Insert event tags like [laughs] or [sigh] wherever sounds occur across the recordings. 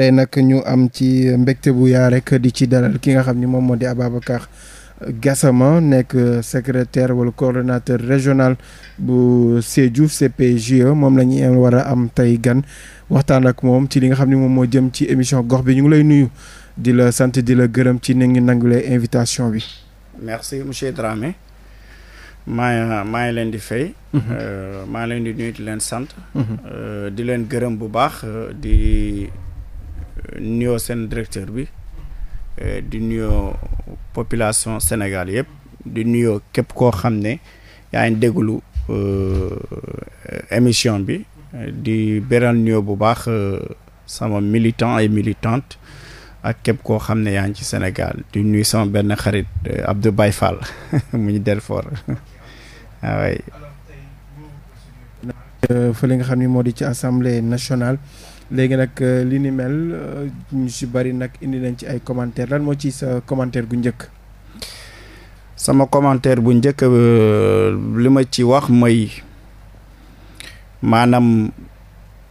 tey nag ñu am ci mbégte bu yaa rek di ci dalal ki nga xam ni moom moo di Ababacar Gassama nekk secrétaire wala coordonnateur régional bu Sédhiou CPGE moom la ñu war a am tey gan waxtaan ak moom ci li nga xam ni moom moo jëm ci émission gox bi ñu ngi lay nuyu di la sant di la gërëm ci ni ngi nangulee invitation bi. merci monsieur Dramé maa maa ngi leen di fay. Mhm. Euh, ngi leen di nuyu di leen sant. Mhm. Euh, di leen gërëm bu baax di. nuyoo seen directeur bi euh, di nuyoo population Sénégal yëpp di nuyoo képp koo xam ne yaa ngi déglu euh, émission bi di beral nuyoo bu baax euh, sama militant ay militante ak képp koo xam ne yaa ngi ci Sénégal di nuyu sama benn xarit Abdou Baye Fall [laughs] mu ñu Delfor waaye. [laughs] Ah fële nga xam ni moo di ci assemblée nationale. léegi nag euh, li ni mel euh, ñu si bari nag indi nañ ci ay commentaire lan moo ci sa commentaire njëkk sama commentaire bu njëkk euh, li ma ci wax mooy maanaam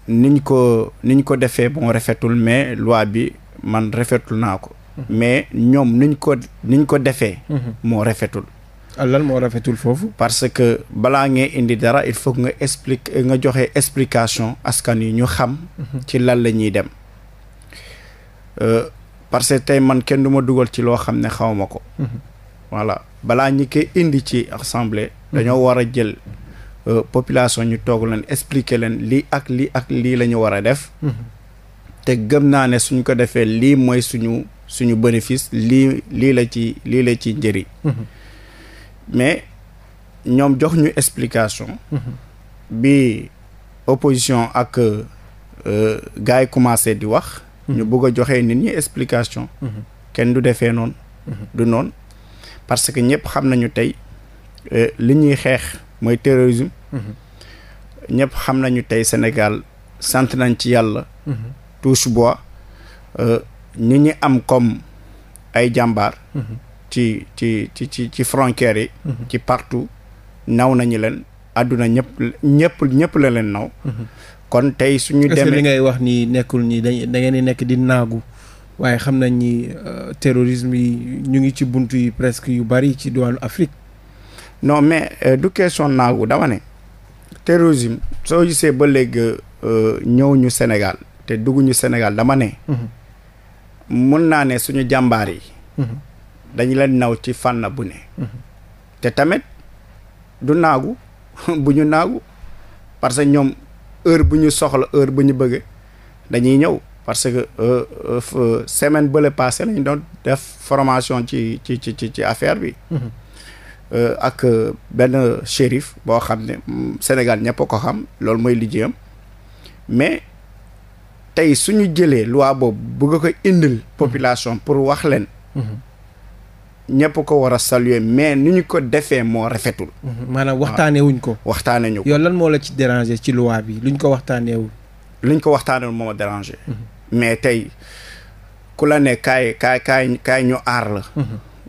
niñ ko niñ ko defee bon rafetul mais loi bi man rafetul naa ko mhm. mais ñoom niñ ko niñ ko defee mhm. moo rafetul lan moo rafetul foofu. parce que balaa ngay indi dara il faut nga explique nga joxe explication askan yi ñu xam. Mhm. ci lan la ñuy dem. Euh, parce que tey man kenn du ma dugal ci loo xam ne xaw ma ko. Mhm. voilà balaa ñi koy indi ci assemblée. dañoo war a jël euh, population ñu toog leen expliquer leen lii ak lii ak lii lañu ñu war a def. Mhm. te gëm naa ne suñ ko defee lii mooy suñu suñu bénéfice lii lii la ci lii la ci njëriñ. mais ñoom jox ñu explication. bi opposition ak euh, gars yi commencé di wax. ñu mhm. bëgg a joxe nit ñi explication. Mhm. kenn du defee noonu. Mhm. du noonu parce que ñëpp xam nañu tey euh, li ñuy xeex mooy terrorisme. ñëpp xam nañu tey Sénégal sant nañ ci yàlla. touche bois. ñi euh, ñi am comme ay jàmbaar. ci ci ci ci ci frontières yi mhm. ci partout naw nañu leen adduna ñëpp ñëpp ñëpp la leen naw mhm. kon tey suñu demee est ngay wax ni nekkul ni da ngeen di nekk di naagu waaye xam nañ ni euh, terrorisme yi ñu ngi ci buntu yi presque yu bari ci diwaanu Afrique no mais euh, du question naagu dama ne terrorisme soo gisee ba léegi euh, ñëw ñu Sénégal te dugg ñu Sénégal dama ne mhm. mun naa ne suñu jàmbaar yi dañu leen naw ci fànn bu ne. Mm-hmm. te tamit du naagu [laughs] bu ñu naagu parce que ñoom heure bu ñu soxla heure bu ñu bëgg dañuy ñëw parce que euh, euh, euh, semaine bële passé lañu doon def formation ci ci ci ci affaire bi. Mm-hmm. ak benn shérif boo xam ne mm, Sénégal ñëpp ko xam loolu mooy liggéeyam mais tey suñu jëlee loi boobu ko indil population pour wax leen. Mm-hmm. ñëpp ko war a saluer mais ni ñu ko defee moo rafetul. Mhm. maanaam waxtaanee wuñ ko. waxtaanee ñu ko yow lan moo la ci déranger ci loi bi luñ ko waxtaanee wul. luñ ko waxtaanee wul moo déranger. Mhm. mais tey ku la ne kaay kaay kaay kaay ñu aar la. Mhm.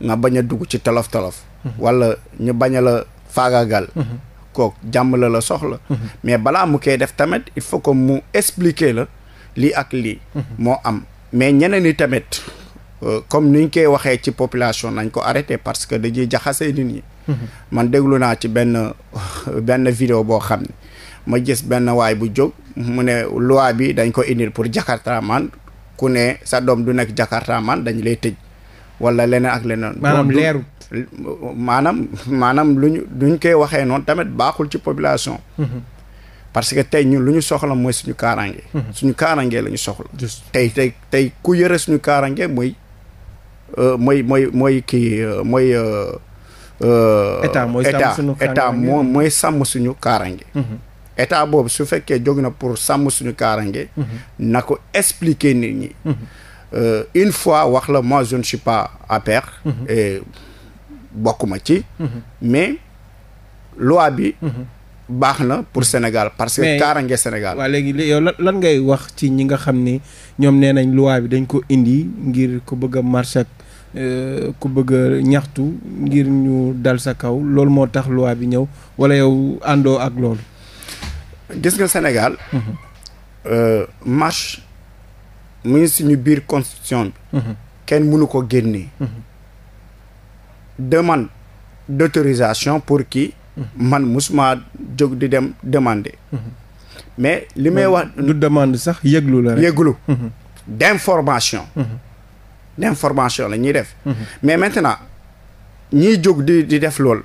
nga bañ dugg ci tolof tolof. wala ñu baña la faagagal. kook jàmm la la soxla. mais balaa mu koy def tamit il faut que mu expliquer la lii ak lii. moo am mais ñeneen ñi tamit. Euh, comme ñu koy waxee ci population nañ ko arrêté parce que dañuy jaxase nit ñi. Mhm. man déglu naa ci benn [laughs] benn vidéo boo xam ne ma gis benn waay bu jóg mu ne loi bi dañ ko indil pour Jakarta man ku ne sa doom du nekk Jakarta man dañ lay tëj wala leneen ak leneen. maanaam leerut maanaam maanaam ñu luñ koy waxee noon tamit baaxul ci population. Mhm. parce que tey ñu lu ñu soxla mooy suñu kaaraange. Mhm. suñu kaaraange la ñu soxla. tey tey tey ku yëre suñu kaaraange mooy. Euh, mooy mooy mooy kii euh, mooy. Euh, état mooy sàmm suñu état moo mooy sàmm suñu kaaraange. Mhm. boobu su fekkee jóg na pour sàmm suñu kaaraange. Mhm. na ko expliquer nit ñi. Mhm. une fois wax la moi je ne pas à bokkuma ci. mais loi baax na pour mm. Sénégal parce que kaarange Sénégal waaw léegi yow lan ngay wax ci ñi nga xam ni ñoom nee nañ loi bi dañ ko indi ngir ku bëgg a marché euh, ku bëgg ñaxtu ngir ñu dal sa kaw loolu moo tax loi bi ñëw wala yow àndoo ak loolu gis nga Sénégal mm-hmm. euh, marche mu ngi suñu biir constitution mm-hmm. kenn mënu ko génnee mm-hmm. demande d'autorisation pour qui man musuma jóg di dem demander. mais li may wax. du demande sax yëglu la rek yëglu. Mhm. d' information. Mhm. la ñuy def. Mhm. mais maintenant ñiy jóg di di def lool.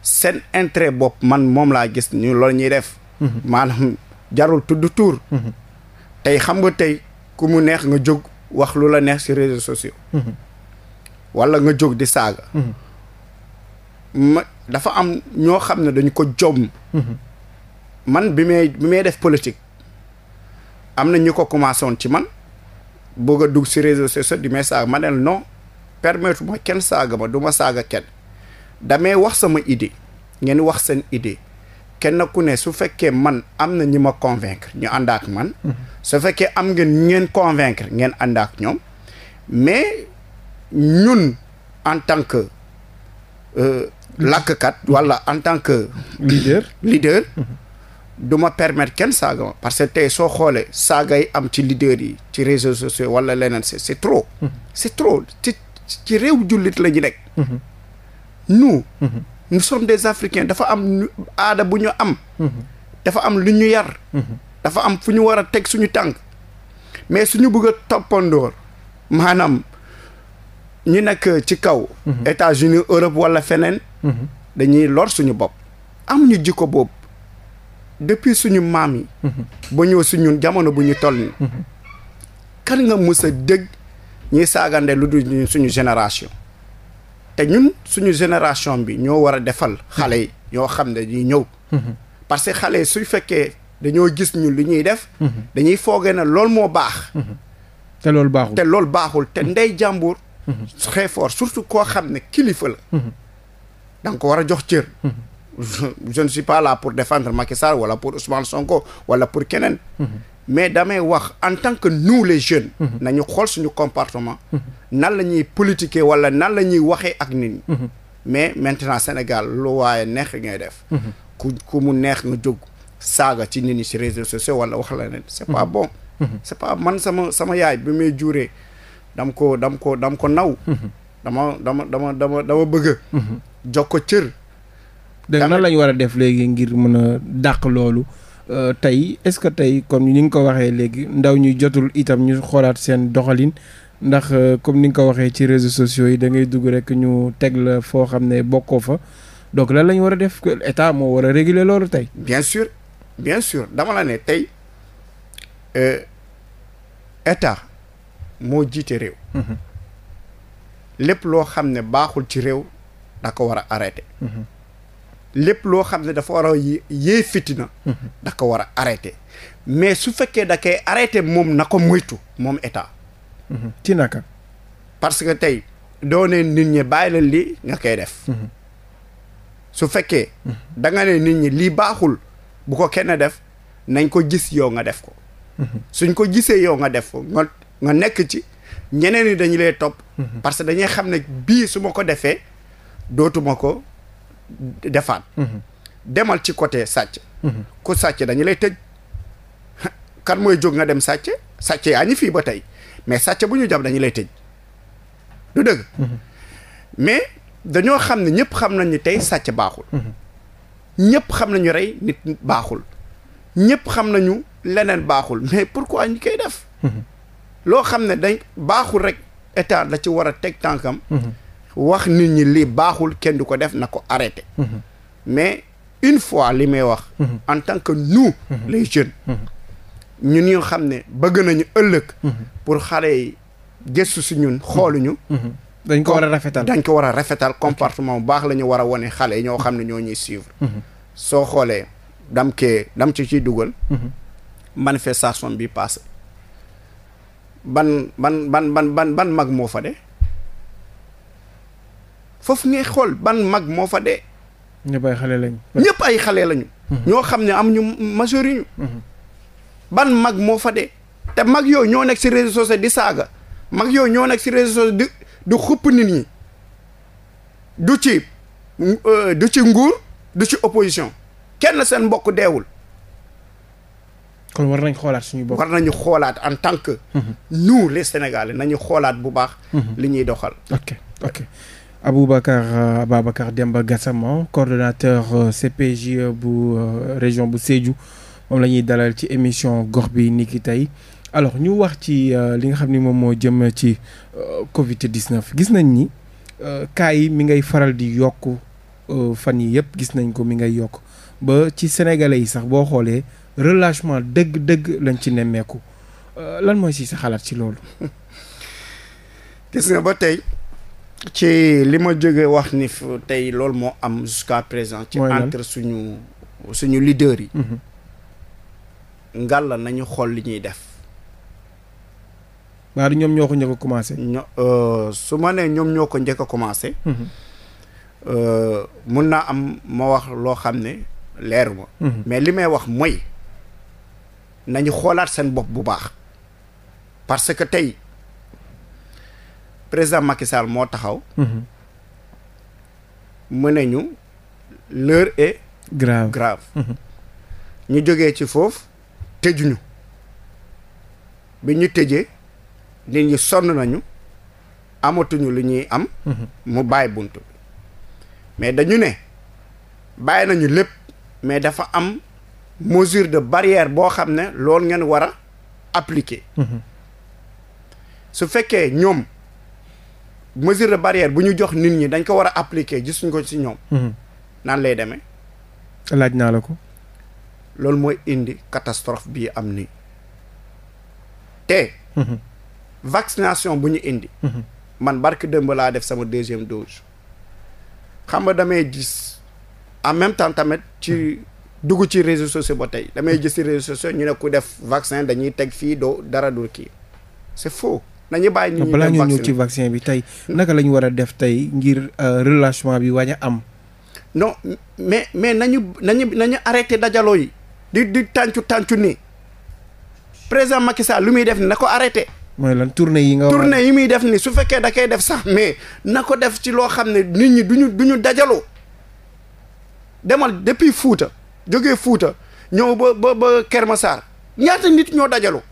seen intérêt bopp man moom laa gis ñu loolu ñuy def. maanaam jarul tudd tuur. tey xam nga tey ku mu neex nga jóg wax lu la neex si réseaux sociaux. wala nga jóg di saaga. dafa am ñoo xam ne dañu ko jom. Mhm. man bi may bi may def politique am na ñu ko commencé woon ci man bëgg a dugg si réseaux sociaux di may saaga ma ne non permettre ma kenn saaga ma duma ma saaga kenn damay wax sama idée ngeen wax seen idée kenn ku ne su fekkee man am na ñi ma convaincre ñu ànd ak man. Mhm. su fekkee am ngeen ngeen convaincre ngeen ànd ñoom mais ñun en tant que. Euh, làkkat wala en tant que. leader leader. Mhm. du ma permettre kenn saaga ma parce que tey soo xoolee saaga yi am ci leader yi ci réseaux sociaux wala leneen c' est tro c' est trop mhm. ci réew jullit la ñu nekk. Mhm. nu nous sommes des africains dafa am aada bu ñu am. dafa am lu ñu yar. dafa am fu ñu war a teg suñu tànk. mais suñu bëgg a toppandoor maanaam ñi nekk ci kaw. États-Unis Europe wala feneen. dañuy lor suñu bopp amuñu jikko boobu depuis suñu maam yi mhm. ba ñëw ñun jamono bu ñu toll ni mhm. kan nga mus a dégg ñuy saagande lu dul suñu génération te ñun suñu génération bi ñoo war a defal xale yi mhm. ñoo xam ne ñii ñëw parce que xale yi suy fekkee dañoo gis ñun lu ñuy def dañuy foogee ne loolu moo baax te loolu baaxul te loolu baaxul te ndey jàmbur xeefoor surtout koo xam ne kilifal da ko war a jox cër. Mhm. je ne suis pas là pour défendre Macky Sall wala pour Ousmane Sonko wala pour keneen. Mhm. mais damay wax en tant que nous les jeunes. Mhm. nañu xool suñu comportement. nan la ñuy politiquer wala nan la ñuy waxee ak nit ñi. mais maintenant Sénégal lu waaye neex ngay def. ku ku mu neex nga jóg saaga ci nit ñi si réseaux sociaux wala wax la ne c'est pas bon. c'est pas man sama sama yaay bi may juree dam ko dam ko dam ko naw. dama dama dama dama dama bëgg. jox ko cër. dëgg nan la ñu war a def léegi ngir mën a dàq loolu euh, tey est-ce que tey comme ni nga ko waxee léegi ndaw ñi jotul itam ñu xoolaat seen doxalin ndax euh, comme ni nga ko waxee ci réseaux sociaux yi da ngay dugg rek ñu teg la foo xam ne bokkoo fa donc lan la ñu war a def état moo war a réguler loolu tey. bien sûr bien sûr dama la ne tey euh, état moo jiite réew. Mhm. lépp loo xam ne baaxul ci réew. da ko war a arrêté. Mhm. lépp loo xam ne dafa war a yee fitina. Mhm. da ko war a arrêté mais su fekkee da koy arrêté moom na ko moytu moom état. Mhm. ci naka. parce que tey doo ne nit ñi bàyyi leen lii nga koy def. fekkee. da nit ñi lii baaxul bu ko kenn def nañ ko gis yow nga def ko. suñ ko jisee yow nga def ko nga nekk ci ñeneen ñi dañu lay topp. parce que dañuy xam ne bii su ma ko defee. dootuma ko defaat. Mhm. demal ci côté sàcc. Mhm. ku sàcc dañu lay tëj. kan mooy jóg nga dem sàcc sàcc yaa ngi fii ba tey mais sàcce bu ñu jàpp dañu lay tëj du dëgg. Mhm. mais dañoo xam ne ñëpp xam nañ ni tey sàcc baaxul. ñëpp xam nañu rey nit baaxul. ñëpp xam nañu leneen baaxul mais pourquoi ñu koy def. loo xam ne dañ baaxul rek état da ci war a teg tànkam. wax nit ñi lii baaxul kenn du ko def na ko arrêté mhm. mais une fois li may wax mhm. en tant que nous mhm. les jeunes ñun ñu xam ne bëgg nañu ëllëg pour xale yi gëstu si ñun xooluñu dañ ko war a rafetal dañ ko war a rafetal comportement bu baax la ñu war a wane xale yi ñoo xam ne ñoo ñuy suivre soo xoolee dam ke dam ci ciy dugal manifestation bi passé ban ban ban ban ban ban mag moo fa de foofu ngay xool ban mag moo fa dee. ñëpp ay xale lañu. ñëpp ay xale lañu. Mhm. ñoo xam ne am ñu majeur mhm. ñu. ban mag moo fa dee. te mag yooyu ñoo nekk si réseaux sociaux di saaga mag yooyu ñoo nekk si réseaux sociaux di du xupp nit ñi du ci euh, du ci nguur du ci opposition kenn seen mbokk deewul. kon war nañ xoolaat suñu bopp war nañu xoolaat en tant que. Mhm. nous les sénégalais nañu xoolaat bu baax. li ñuy doxal. ok Aboubacar euh, Ababacar Demba Gassama coordonnateur euh, CPJ euh, bu région bu Sédhiou moom la ñuy dalal ci émission gox bi niki tey alors ñu wax ci li nga xam ni moom moo jëm ci Covid 19 gis nañ ni cas yi mi ngay faral di yokk fan yi yëpp gis nañ ko mi ngay yokk ba ci sénégalais yi sax boo xoolee relâchement dëgg-dëgg lañ ci nemmeeku lan mooy si sa xalaat ci loolu. [laughs] gis nga ba tey. ci li ma jóge wax ni tey loolu moo am jusqu'à présent ci entre suñu suñu leader yi mhm. ngàlla nañu xool li ñuy def waa ñoom ñoo ko njëkk a commencé euh, su ma nee ñoom ñoo ko njëkk a commencé mhm. euh, mun naa am ma wax loo xam ne leeru ma mhm. mais li may wax mooy nañu xoolaat seen bopp bu baax parce que tey président Macky Sall moo taxaw. mu mhm. ne ñu l'heure est. grave grave. Mhm. ñu jógee ci foofu tëjuñu bi ñu tëjee nit ñi sonn nañu amatuñu lu ñuy am. Mhm. mu bàyyi bunt bi mais dañu ne bàyyi nañu lépp mais dafa am mesure de barrière boo xam ne loolu ngeen war a appliquer. su fekkee ñoom. mesure de barrière bu ñu jox nit ñi dañ ko war a appliquer gisuñ ko ci ñoom. Mhm. naan lay demee. laaj naa la ko. loolu mooy indi catastrophe bii am nii te. Mhm. vaccination bu ñu indi. Mhm. man barke ba laa def sama deuxième dose. xam nga damay gis en même temps tamit ci dugg ci réseaux sociaux ba tey damay jis ci réseaux sociaux ñu ne ku def vaccin dañuy teg fii doo dara du kii c'est faux. nañu bàyyi ñu balaa ñu ñëw ci vaccin bi tey hmm. naka la ñu war a def tey ngir euh, relâchement bi wañ a am no mais mais nañu nañu nañu arrêté dajaloo yi di di tàncu tàncu nii président Macky Sall lu muy def ni na ko arrêté lan tournée yi nga tournée yi muy def nii su fekkee da koy def sax mais na ko def ci loo xam ne nit ñi duñu duñu dajaloo demal depuis fuuta jógee fuuta ñëw ba ba ba Keur ñaata nit ñoo dajaloo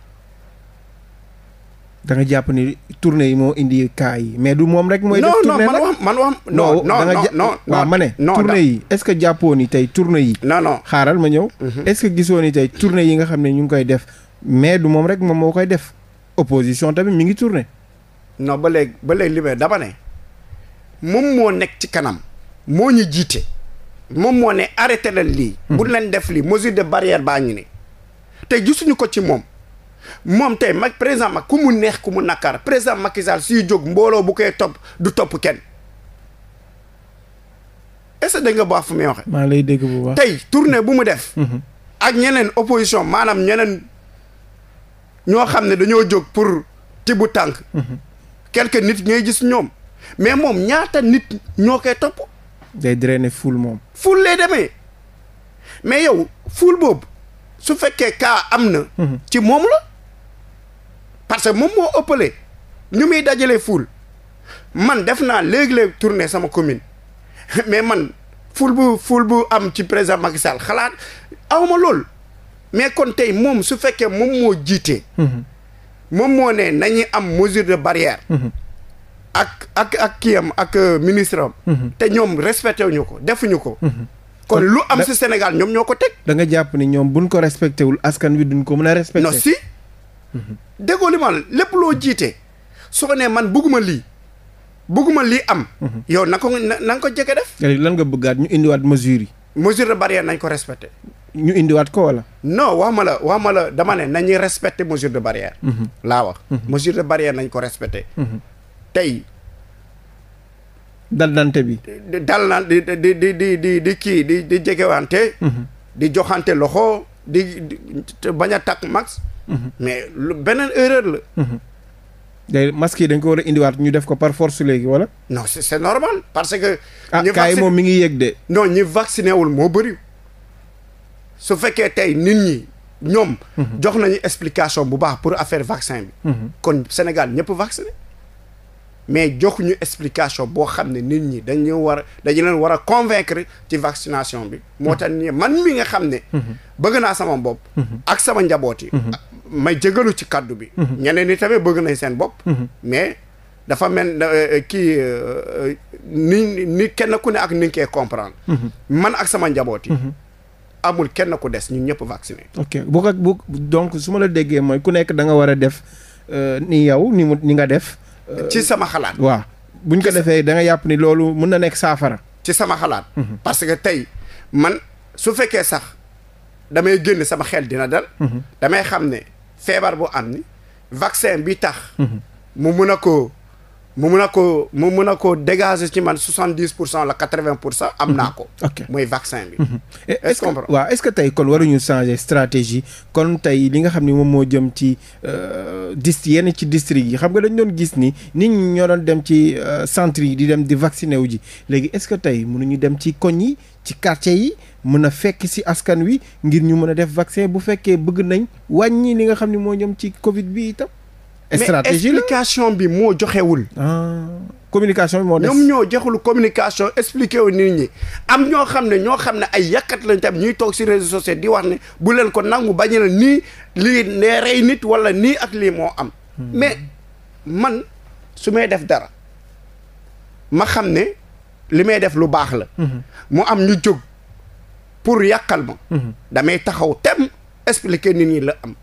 da nga jàpp ni tournée yi moo indi cas yi mais du moom rek. mooy def tournée non non man wax man wax. ma ne. tournée yi est ce que jàppoo ni tey tournée yi. non xaaral ma ñëw. Mhm. est ce que gisoo yi nga xam ne ñu ngi koy def mais du moom rek moom moo koy def opposition tamit mi ngi tourné. non ba léegi ba léegi li may dama ne moom moo nekk ci kanam moo ñu jiite moom moo ne arrêté leen lii. Mhm. bu leen def lii mesure de barrière baa ngi ni te gisuñu ko ci moom. moom tey mag président mag ku neex ku mu nakkaar président Macky Sall suy jóg mbooloo bu koy topp du topp kenn est-ce que dégg nga baax fu muy waxee. maa lay dégg bu baax tey tournée bu mu def. Mhm. ak ñeneen opposition maanaam ñeneen ñoo xam ne dañoo jóg pour tibu tànk. Mhm. quelques nit ngay gis ñoom mais moom ñaata nit ñoo koy topp. day drainer foule moom. foule lay demee mais yow foule boobu su fekkee kaa am na. Mhm. ci moom la. parce que moom moo ëppale ñu muy dajale foule man def naa léegi-léegi tournée sama commune [laughs] mais man foule bu foule bu am ci président Macky Sall xalaat awma lool mais kon tey moom su fekkee moom moo jiitee mhm. moom moo ne nañuy am mesure de barrière mhm. ak ak kii am ak euh, ministre am mhm. te ñoom respecté wuñu ko defuñu ko kon lu am si Sénégal ñoom ñoo ko teg da nga jàpp ni ñoom buñ ko respecté wul askan wi duñ ko mën a respecté non déggoo li ma lépp loo jiite soo nee man bëgguma lii bëgguma lii am. Mhm. yow na ko na ko jëkke def. lan nga bëggaat ñu indiwaat mesures yi. mesure de barrière nañ ko respecté. ñu indiwaat ko wala. non wax ma la wax ma la dama ne nañuy respecté mesure de barrière. Mhm. laa wax. Mhm. mesure de barrière nañ ko respecté. tey. daldante bi. dal di di di kii di di jegewante. di joxante loxo di bañ a takk max. mais lu beneen erreur la. day masque dañ ko war a indiwaat ñu def ko par force léegi wala. non c' normal parce que. ah kaay moom mi ngi yëg de. non ñi vacciné wul moo bëri su fekkee tey nit ñi ñoom. Mhm. jox nañu explication bu baax pour affaire vaccin bi. Mhm. kon Sénégal ñëpp vacciné. mais joxuñu explication boo xam ne nit ñi dañu war dañu leen war a convaincre ci vaccination bi moo tax ni man mi nga xam ne mhm. bëgg naa sama bopp mhm. ak sama njaboot yi mhm. may jégalu ci kàddu bi ñeneen ni tamit bëgg nañ seen bopp mais dafa mel eh, eh, kii eh, ni ni kenn ku ne ak ni nga koy comprendre man ak sama njaboot yi amul kenn ku des ñun ñëpp vacciné ok bu ko bu donc su ma la déggee mooy ku nekk da nga war a def euh, ni yow ni mu ni nga def ci sama xalaat. waaw buñ ko defee da nga yàpp ni loolu mën na nekk saafara. ci sama xalaat. Mhm. parce que tey man su fekkee sax damay génn sama xel dina dal. Mhm. damay xam ne feebar bu am ni vaccin bi tax. Mhm. mu mun a ko mu mun a ko mu mun a ko dégager ci man soixante dix pour cent la quatre vingt pour cent am naa mhm. ko. ok mooy vaccin bi. Mhm. est ce que waaw ce que tey kon waruñu changer stratégie kon tey li nga xam ni moom moo jëm ci euh, dist yenn ci district yi xam nga dañ doon gis nii nit ñi ñoo dem ci euh, centre yi di dem di vacciner wu ji léegi est ce que tey mënuñu dem ci koñ yi ci quartier yi mën a fekk si askan wi ngir ñu mën a def vaccin bu fekkee bëgg nañ wàññi li nga xam ni moo jëm ci Covid bi itam. stratégie mais bi moo joxewul. Ah. communication bi ñoom ñoo joxul communication expliqué wu nit ñi am ñoo xam ne ñoo xam ne ay yàkkat lañ tam ñuy toog si réseaux sociaux di wax ne bu leen ko nangu bañ la nii lii nee rey nit wala nii ak lii moo am. Hmm. mais man su may def dara ma xam ne li may def lu baax la. Hmm. mu am ñu jóg pour yàqal ma. Hmm. damay taxaw tem expliqué nit ñi la am.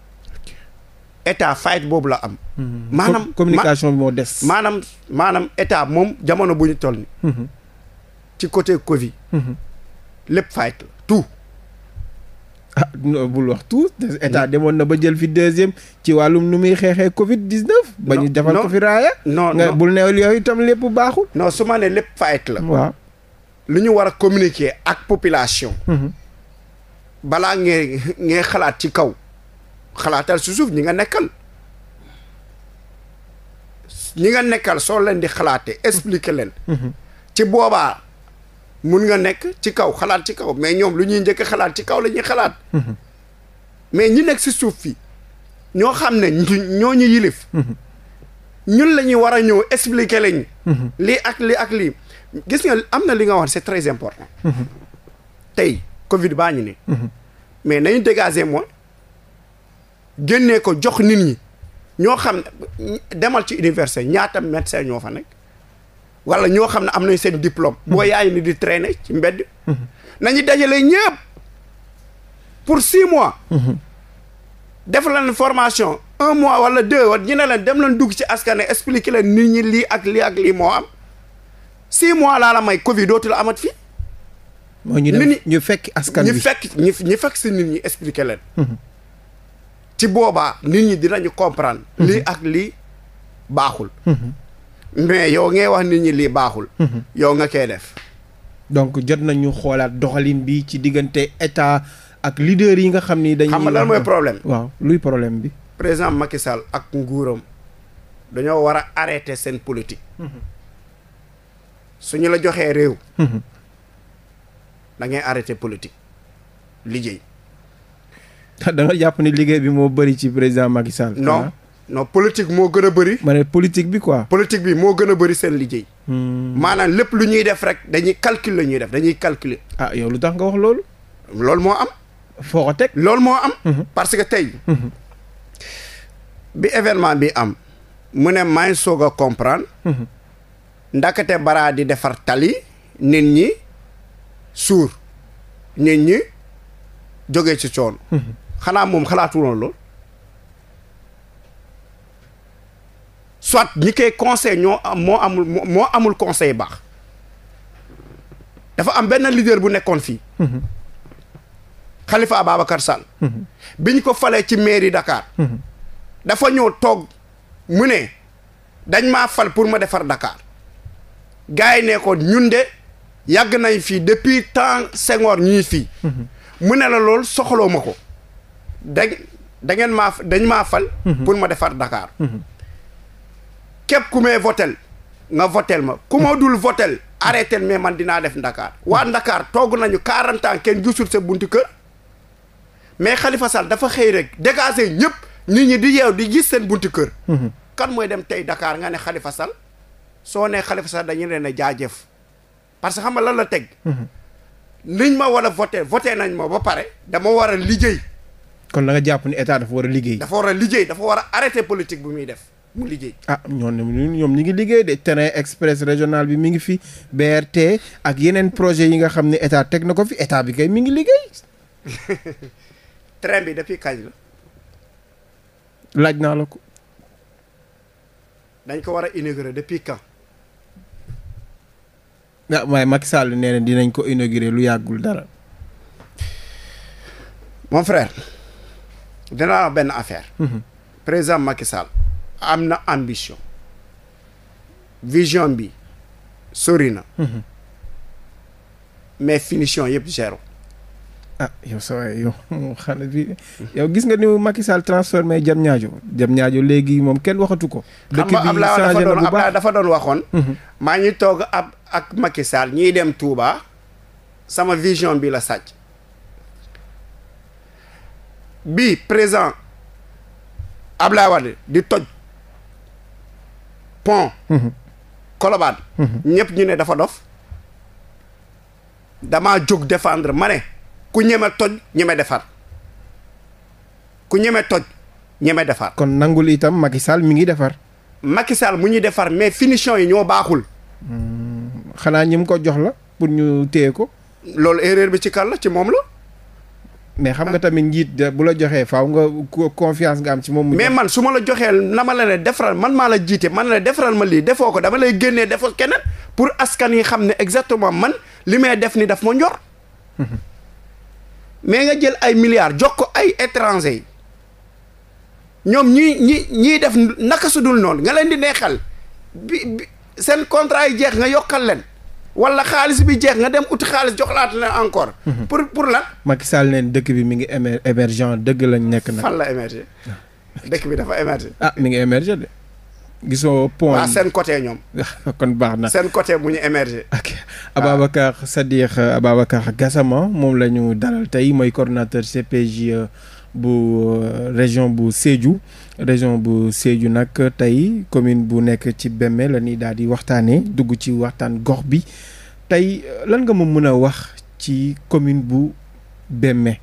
état fight boobu la am. Mm-hmm. maanaam communication bi moo des. maanaam maanaam état moom jamono bu ñu toll ni mm-hmm. ci côté Covid. Mm-hmm. lépp fight la tout. ah bul wax tout état demoon na ba jël fi deuxième ci wàllum nu muy xeexee Covid 19. ba ñu defal ko fi raaya. non nga bul ne yooyu itam lépp baaxul. non su ma ne lépp fight la. waaw lu ñu war a communiquer ak population. balaa ngee ngee xalaat ci kaw. xalaatal si suuf ñi nga nekkal ñi nga nekkal soo leen di xalaatee expliquer leen mhm. ci boobaa mun nga nekk ci kaw xalaat ci kaw mais ñoom lu ñuy njëkk xalaat ci kaw la ñuy xalaat mhm. mais ñi nekk si suuf fi ñoo xam ne ñoo ñu yilif mhm. ñun la ñuy war a ñëw expliquer lañ lii ak lii ak lii gis nga am na li nga wax c'est très important tey covid baa ñu ne mais nañu dégager moo génnee ko jox nit ñi ñoo xam demal ci université ñaata médecin ñoo fa nekk wala ñoo xam ne am nañ seen diplôme. Mhm. boo yaay ni di traîner ci mbedd. Mhm. nañu dajale ñëpp pour six mois. Mhm. def ne formation un mois wala deux wala ñu ne leen dem leen dugg ci askan expliquer leen nit ñi lii ak lii ak lii moo am six mois laa la may Covid dootul amat fii. nit ñi ñu fekk askan ñu fekk ñu fekk si nit ñi expliquer leen. ci boobaa nit ñi dinañu comprendre. Mhm. lii ak lii baaxul. Mhm. mais yow nga wax nit ñi lii baaxul. Mhm. yow nga koy def. donc jot nañu xoolaat doxalin bi ci diggante état ak leader yi nga xam ni dañuy. xam nga mooy problème. waaw luy problème bi. président Macky Sall ak nguuram dañoo war a arrêter seen politique. suñu la joxee réew. dangay ngay arrêter politique liggéey. [laughs] da nga jàpp ni liggéey bi moo bëri ci président Macky Sall. non ah. non moo gën a bëri. ma ne politique bi quoi. politique bi moo gën a bëri seen liggéey. Hmm. maanaam lépp lu ñuy def rek dañuy calcul la ñuy def dañuy calculer. ah yow lu tax nga wax loolu. loolu moo am. foo ko teg loolu moo am. Hmm. parce que tey. Hmm. bi événement bi am. mu ne maa ngi soog a comprendre. ndakate bara di defar tali. nit ñi suur. nit ñi jóge ci coon xanaa moom xalaatuloon lool soit ñi koy conseil ñoo moo amul moo amul conseil baax dafa am benn leader bu nekkoon fii mhm. Khalifa Ababacar Sall mhm. bi ñu ko falee ci mairie dakaar mhm. dafa ñëw toog mu ne dañ maa fal pour ma defar Dakar gars yi ne ko ñun de yàgg nañ fii depuis temps Senghor ñii fii mu ne la lool soxloo ma ko da ngeen maa dañ maa fal. Mhm. pour ma defar Dakar. Mhm. képp ku may votel nga votel ma ku mhm. dul votel arrêtel mais man dinaa def ndakaar waa ndakaar toog nañu 40 ans kenn gisul sa buntu kër mais xalifasal dafa xëy rek dégager ñëpp nit ñi di yeew di gis seen buntu kër. kan mooy dem tey dakaar nga ne Khalifa Sall soo nee Khalifa Sall dañu leen a jaajëf parce que xam nga lan la teg. niñ ma war a voté voté nañ ma ba pare dama war a liggéey. kon da nga jàpp ni état dafa war a liggéey. dafa war a liggéey dafa war a arrêter muy def mu liggéey. ah ñoon ñoom ñi ngi liggéey de train express régional bi mi ngi fi BRT ak yeneen projet yi nga xam ne état teg na ko fi état bi kay mi ngi liggéey. [laughs] train bi depuis kañ la. laaj naa la ko. dañ ko war a inaugurer depuis quand. ah waaye Macky Sall nee na dinañ ko inaugurer lu yàggul dara. dinaa wax benn affaire. Mhm. président Macky Sall am na ambition. vision bi sori na. Mhm. mais finition yëpp zéro. ah yow sa waay yow [laughs] gis nga ni Macky Sall transformé jam ñaajo jam ñaajo léegi moom kenn waxatu ko. dëkk bi changé na bu dafa doon waxoon. Mhm. maa ngi toog ab ak Macky Sall ñiy dem Touba. sama vision bi la sàcc. bi président Abdoulaye Wade di toj pont mhm. Colobane mhm. ñëpp ñu ne dafa dof damaa jóg défendre ma ne ku ñeme toj ñeme defar ku ñeme toj ñeme defar kon nangul itam Macky Sall mi ngi defar Macky Sall mu ñuy defar mais finition yi ñoo baaxul hmm, xanaa ñi mu ko jox la pour ñu téye ko loolu erreur bi ci kan la ci moom la mais xam nga tamit njiit bu la joxee faaw nga confiance nga am ci moom. mais man su ma la joxee na ma la ne defaral man maa la jiite man la defaral ma lii defoo ko dama lay génnee defoo keneen pour askan yi xam ne exactement man li may def ni daf ma njor. [laughs] mais nga jël ay milliards jox ko ay étranger yi ñoom ñii ñi ñiy def naka su dul noonu nga leen di neexal bi bi seen contrat yi jeex nga yokkal leen. wala xaalis bi jeex nga dem uti xaalis joxlaat la encore. Mhm. pour pour lan. Macky Sall neen dëkk bi mi ngi émer émergent dëgg lañ nekk nag. fan la émerger ah. dëkk bi dafa émerger. ah mi ngi émerger de. gisoo pont waaw seen côté ñoom. [laughs] kon baax na seen côté bu ñu émerger. ok Ababacar Sadikh Ababacar Gassama moom la ñu dalal tey mooy coordonnateur CPJ euh, bu euh, région bu Sédhiou. région bu Sédhiou nag tey commune bu nekk ci Bemme la ñuy daal di waxtaanee dugg ci waxtaan gox bi tey lan nga ma mën a wax ci commune bu Bemme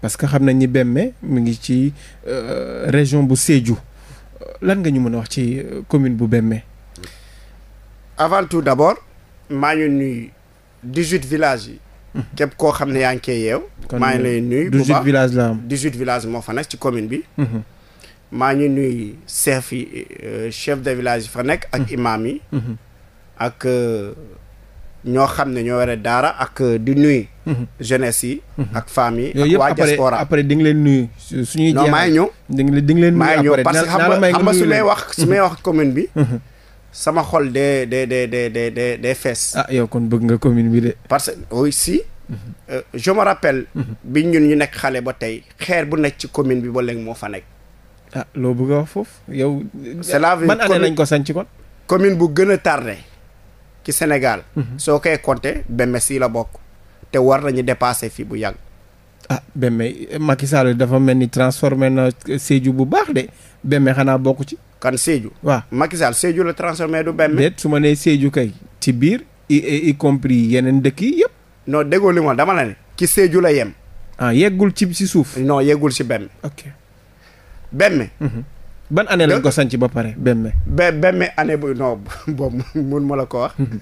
parce que xam nañ ni Bemme mu ngi ci euh, région bu Sédhiou lan nga ñu mën a wax ci euh, commune bu Bemme. avant tout d'abord maa ngi nuyu dix-huit villages yi. Mhm. képp koo xam ne yaa ngi koy yeew. maa ngi lay nuy bu baax dix-huit villages la am. dix-huit villages moo fa nekk ci commune bi. Mhm. maa ngi nuy chef yi euh, chef de village fa nekk ak mm-hmm. imam yi mm-hmm. ak euh, ñoo xam ne ñoo yore daara ak euh, di nuy mm-hmm. jeunesse yi ak femmes yi ak waa diaspora après di nga leen nuyu suñuy non maa ngi ñëw di nga di nga leen maa ngi ñëw parce que xam nga su may wax su wax commune bi sama xol de de de de de de des fees ah yow kon bëgg nga commune bi de parce que aussi je me rappelle bi ñun ñu nekk xale ba tey xeer bu nekk ci commune bi ba léegi moo fa nekk ah loo bëgg a foofu yow. c'est la vie man année lañ ko sanc kon. commune bu gën a tardé ci Sénégal. Mhm. soo koy compter Bemme si la bokk te war nañu dépasser fii bu yàgg. ah Bemme Macky Sall dafa mel ni transformé na Sédhiou bu baax de Bemme xanaa bokk ci. kan Sédhiou. waa Macky Sall la transformé du Bemme. déet su ma nee Sédhiou kay. ci biir y y compris yeneen dëkk yi yëpp. noo déggoo li ma dama la ne. ci Sédhiou la yem. ah yeggul ci si suuf. non yeggul si Bemme. Bemme. Mhm. ban année lañ ko sanc ba pare Bemme. be Bemme année bu non [laughs] boobu mun ma la ko wax. Mhm.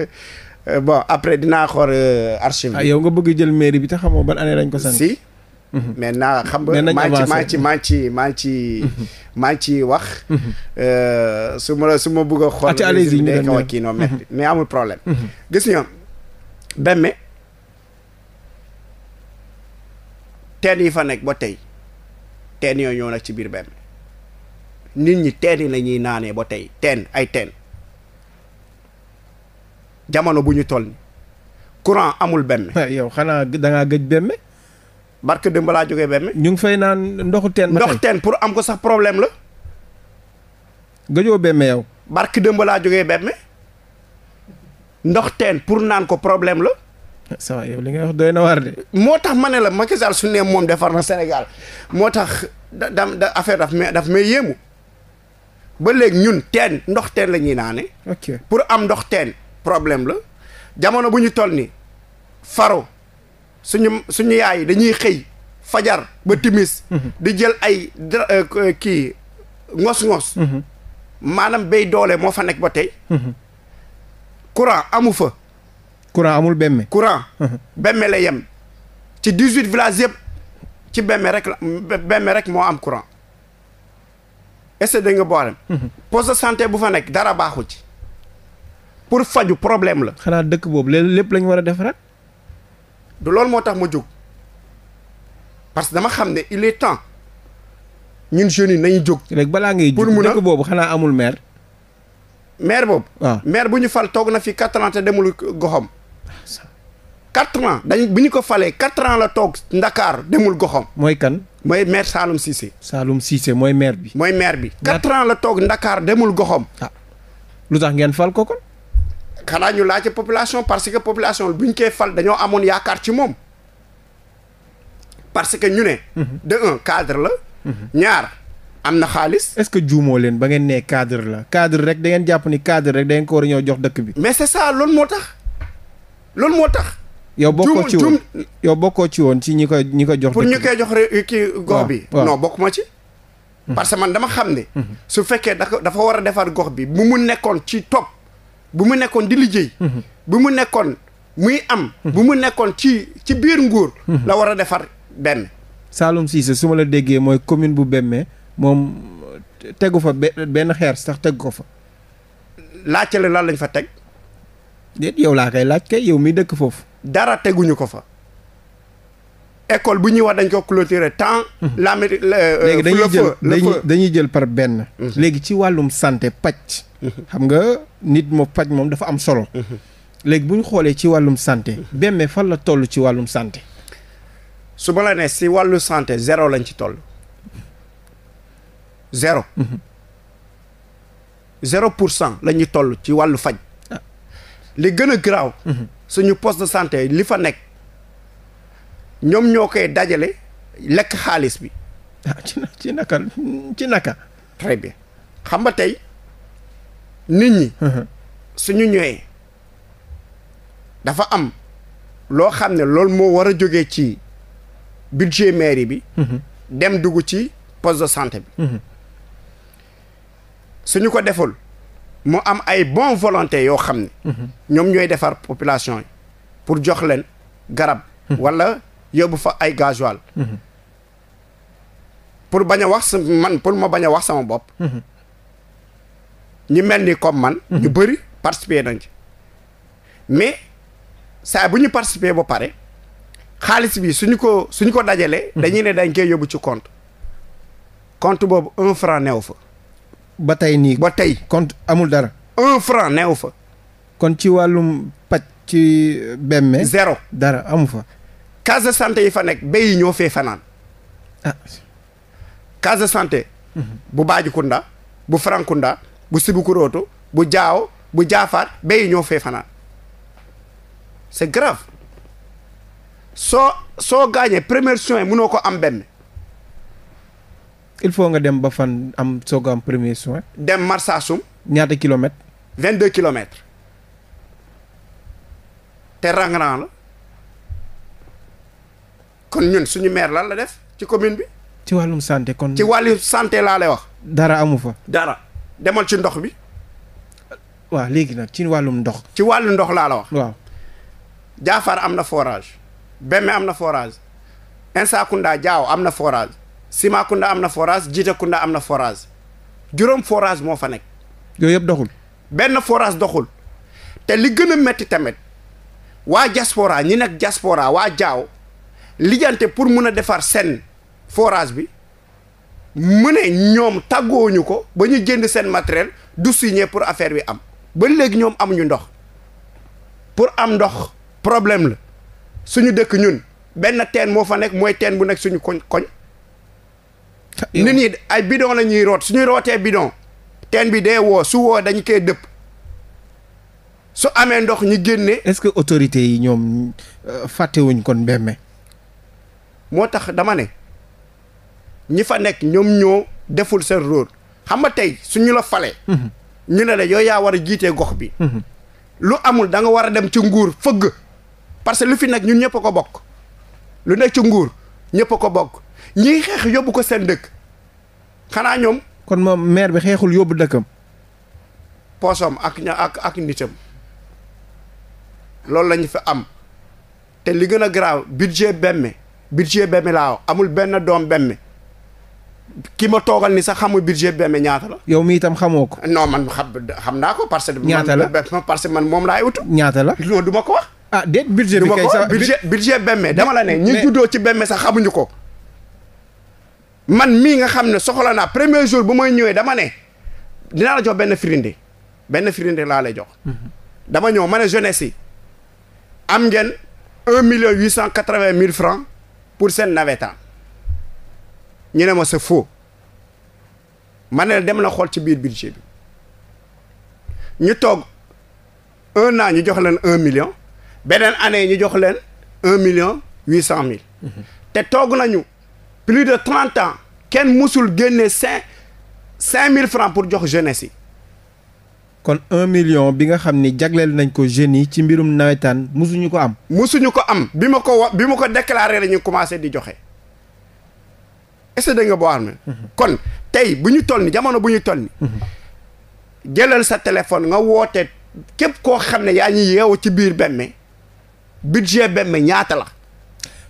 Euh, bon après dinaa xool euh, archive. ah yow nga bëgg jël mairie bi te xamoo ban année lañ ko sanc. si. Mhm. maintenant xam nga maa ci maa ci maa ci maa ci wax. Euh, su ma la su ma bëgg a xool. ati allé yi ñu doon kii noonu mais amul problème. gis ñoom Bemme. teen yi fa nekk ba tey teen yooyu ñëw nag ci biir Bemme. nit ñi teen yi la ñuy naanee ba tey teen ay teen jamono bu ñu toll ni courant amul bemme [laughs] yow xanaa da ngaa gëj bemme barke dëmb laa jógee bemme ñu ngi fay naan ndoxu teen ndox teen pour am ko sax problème la gëjoo bemme yow barke dëmb laa jógee bemme ndox pour naan ko problème la [laughs] ça yow li nga wax doy na waar de. moo tax ma ne la Macky Sall su ne moom defar na Sénégal moo tax da da affaire daf may daf may yéemu. ba léegi ñun teen ndox teen la ñuy naane. ok pour am ndox teen problème la jamono bu ñu toll ni faro suñu suñu yaay dañuy xëy fajar ba timis. Mhm. di jël ay euh, euh, kii ngos-ngos. Mhm. maanaam béy doole moo fa nekk ba tey. Mhm. courant amu fa. courant amul bemme. courant bemme la yem. ci dix huit villages yëpp ci bemme rek la bemme rek moo am courant. est-ce da nga boolem [laughs] poste de santé bu fa nekk dara baaxu ci pour faju problème la xanaa dëkk boobu leen lépp lañu war a defaraat du loolu moo tax ma jóg parce que dama xam ne il est temps ñun jeunes yi nañu jóg léegi balaa ngay pour mun a dëkk boobu xanaa amul maire maire boobu waaw ah. maire bu ñu fal toog na fi quatre ans demul goxam ah, quatre ans dañ bi ñu ko falee quatre ans la toog Ndakaar demul goxam mooy kan mooy maire Saloum Cissé Saloum Cissé mooy maire bi mooy maire bi quatre ans la toog Ndakaar demul goxam ah. lu tax ngeen fal ko kon xanaa ñu laajte population parce que population bu ñu koy fal dañoo amoon yaakaar ci moom parce que ñu ne mhm. de un cadre la mhm. ñaar am na xaalis est-ce que juumoo leen ba ngeen nee cadre la cadre rek dangeen jàpp ni cadre rek da ko war a ñëw jox dëkk bi mais c'est loolu moo tax loolu moo tax yow bokkoo ci woon yow bokkoo ci woon ci ñi ko ñi koy jox pour ñu koy jox rek ki gox bi non bokk ma ci hmm. parce que man dama xam ne hmm. su fekkee dafa dafa war a defar gox bi bu mu nekkoon ci topp bu mu nekkoon di liggéey hmm. bu mu nekkoon muy am bu mu nekkoon ci ci biir nguur la war a defar benn Saloum Cissé su ma la déggee mooy commune bu Bemmee moom tegu fa benn xeer sax tegu ko fa laajtale lan lañ fa teg déet yow laa koy laaj kay yow mi dëkk foofu. dara teguñu ko fa. école bu ñuy wax dañ ko clôturer temps. Mhm. la météo euh, léegi dañuy jël dañuy jël par benn. Mhm. léegi ci wàllum santé paj mhm. xam nga nit moo paj moom dafa am solo. léegi bu ñu xoolee ci wàllum santé. Bembey fan la toll ci wàllum santé. su ma la ne si wàllu santé zéro lañ ci toll. zéro. zéro pour cent lañuy ñuy toll ci wàllu faj. li gën a garaaw mhm. suñu poste de santé li fa nekk ñoom ñoo koy dajale lekk xaalis bi ah, ci ci naka ci naka très bien xam nga tey nit ñi mhm. suñu ñëwee dafa am loo xam ne loolu moo war a jógee ci budget mairie bi mhm. dem dugg ci poste de santé bi suñu ko deful mu am ay bon volonté yoo xam ne mhm. ñoom ñooy defar population yi pour jox leen garab mhm. wala yóbbu fa ay gasoil mhm. pour bañ a wax man pour ma bañ a wax sama bopp ñu mel ni comme man ñu bëri participer nañ ci mais saa bu ñu participer ba pare xaalis bi suñu ko suñu ko dajalee dañuy ne dañ koy yóbbu ci compte compte boobu un franc neew fa ba tey nii. ba tey compte amul dara. un franc neew fa. kon ci wàllum paj ci bemme. zéro dara amu fa. case de santé yi fa nekk béy yi ñoo fee fanaan. ah. case de santé. Mm -hmm. bu Baajukunda bu Farakunda bu Sibukuroto bu Jaaw bu Jaafaat béy yi ñoo fee fanaan c'est grave soo soo gaañee première soin munoo ko am benn. il faut nga dem ba fan am soog am premier soin. dem Marsassoum. ñaata kilomètres. vingt deux kilomètres. te rang la. kon ñun suñu maire lan la def ci commune bi. ci wàllum santé kon. ci wàllu santé laa lay wax. dara amu fa. dara demal ci ndox bi. waaw léegi nag ci wàllum ndox. ci wàllu ndox laa la wax. waaw. Jaafar am na forage. Bemme am na forage. Insa Kunda Jaaw am na forage. Simakunda am na forage Jitakunda am na forage juróom forage moo fa nekk. yooyu yëpp doxul. benn forage doxul te li gën a métti tamit waa diaspora ñi nekk diaspora waa jaaw lijante pour mun a defar seen forage bi mu ne ñoom tàggooñu ko ba ñu jënd seen matériel du signé pour affaire bi am ba léegi ñoom amuñu ndox pour am ndox problème la suñu dëkk ñun benn teen moo fa nekk mooy teen bu nekk suñu koñ koñ nit ñi ay bidon la ñuy root suñu rootee bidon teen bi dee woo su woo dañu koy dëpp su amee ndox ñu génne est-ce que autorités yi ñoom euh, fàttewuñ kon mbemme moo tax dama ne ñi fa nekk ñoom ñoo deful seen rôle xam nga tey suñu la falee mhm. ñu ne la yooyu yaa war a jiitee gox bi mhm. lu amul da nga war a dem ci nguur fëgg parce que lu fi nekk ñun ñëpp ko bokk lu nekk ci nguur ñëpp ko bokk ñi xeex yóbbu ko seen dëkk xanaa ñoom. kon moom maire bi xeexul yóbbu dëkkam. poosam ak ña ak ak nitam loolu lañu fi am te li gën a garaaw budget bemme budget bemme laa wax amul benn doom bemme ki ma toogal ni sax xamul budget bemme ñaata la. yow mi itam xamoo ko. non man xam xam naa ko parce que. ñaata la parce que man moom laay utu. ñaata la non du ma ko wax. ah déet budget bi kay sax budget budget bemme dama la ne ñi juddoo ci bemme sax xamuñu ko. man mii nga xam ne soxla naa premier jour bu may ñëwee dama ne dinaa la jox benn firinde benn firinde laa lay jox. dama ñëw ma ne jeunesse yi am ngeen un million huit cent quatre vingt mille francs pour seen nawetaan ñu ne ma c'est faux ma ne dem na xool ci biir budget bi ñu toog un naa ñu jox leen un million beneen année ñu jox leen un million huit cent mille te toog nañu. plus de trente ans kenn musul génne cinq cinq mille francs pour jox jeunesse yi. kon un million bi nga xam ni jagleel nañ ko jeunes yi ci mbirum nawetaan musuñu ko am. musuñu ko am bi ma ko wa bi ma ko déclaré la commencé di joxe est-ce que nga boo xam ne kon tey bu ñu toll ni jamono bu ñu toll ni mhm. jëlal sa téléphone nga woote képp koo xam ne yaa ñuy yeewu ci biir Bemme budget Bemme ñaata la.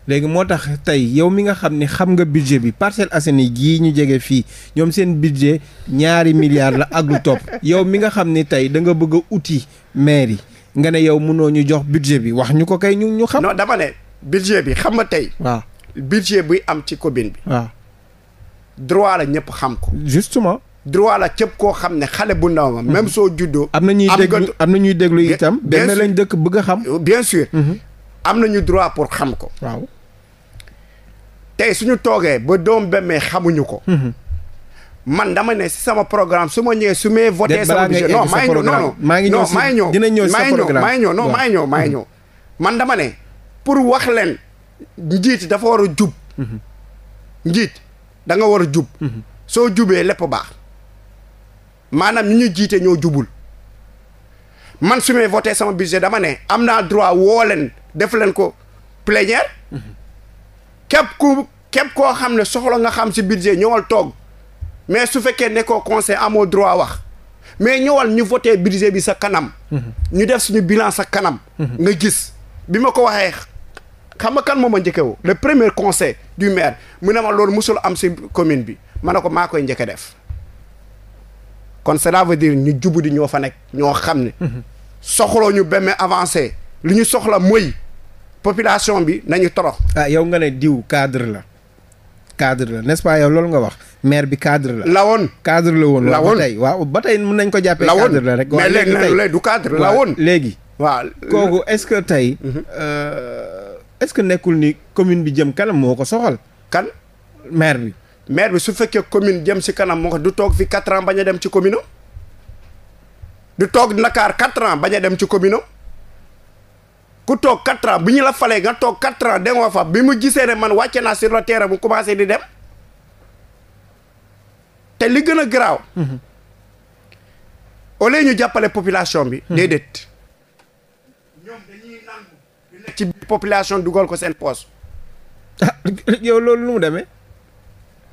léegi moo tax tey yow mi nga xam ni xam nga budget bi Parcelles Assainies gii ñu jege fii ñoom seen budget ñaari milliards la ak lu topp yow mi nga xam ni tey da nga bëgg uti maire yi nga ne yow mënoo ñu jox budget bi wax ñu ko kay ñu ñu xam. non dama ne budget bi xam nga tey. waaw budget buy am ci commune bi. waaw droit la ñëpp xam ko. justement. droit la képp koo xam ne xale bu ndaw ma. même mhm. soo juddoo. am na ñuy déglu am na ñuy déglu itam. benn lañ dëkk bëgg xam. bien sûr. Mhm. am nañu droit pour xam ko. tey suñu toogee ba doom bemmee xamuñu ko mhm. man dama ne si sama programme suma ma ñëwee su mee voté sama budget non maa ngi ñëw non maa ngi ñëw dina maa ngi ñëw non maa ngi ñëw maa ngi ñëw man dama ne pour wax leen njiit dafa war a jub mhm. njiit da nga war a jub mhm. soo jubee lépp baax maanaam ñu ñu jiite ñoo jubul man su may voté sama budget dama ne am naa droit woo leen def leen ko plénière képp ku képp koo xam ne soxla nga xam si budget ñëwal toog mais su fekkee nekkoo conseil amoo droit wax mais ñëwal ñu voté budget bi sa kanam. Mm-hmm. ñu def suñu bilan sa kanam. Mm-hmm. nga gis bi ma ko waxee xam nga kan moom ma njëkkee woo le premier conseil du maire mu ne ma loolu musul am si commune bi ma ne ko maa koy njëkk def kon cela veut dire ñu jubudi ñoo fa nekk ñoo xam ne. Mm-hmm. soxloo ñu beme avancé li ñu soxla mooy. population bi nañu torox. ah yow nga ne diw cadre la. cadre la n'est-ce pas yow loolu nga wax maire bi cadre la. la woon cadre la woon. la woon waaw ba tey mën nañ ko jàppee. cadre la rek mais léegi du cadre la woon. léegi waaw kooku est-ce que tey. Mhm. Euh, est-ce que nekkul ni commune bi jëm kanam moo ko soxal. kan maire bi. maire bi su fekkee commune jëm si kanam moo ko du toog fi quatre ans bañ a dem ci commune du toog Dakar quatre ans bañ dem ci commune ku toog quatre ans ñu la falee nga toog quatre ans da nga bi mu gisee ne man wàcce naa sur le terrain mu commencé di dem te li gën a garaaw au ñu jàppale population bi hmm. déedéet ñoom dañuy nangu di ci population dugal ko seen poos [laughs] ah loolu nu mu demee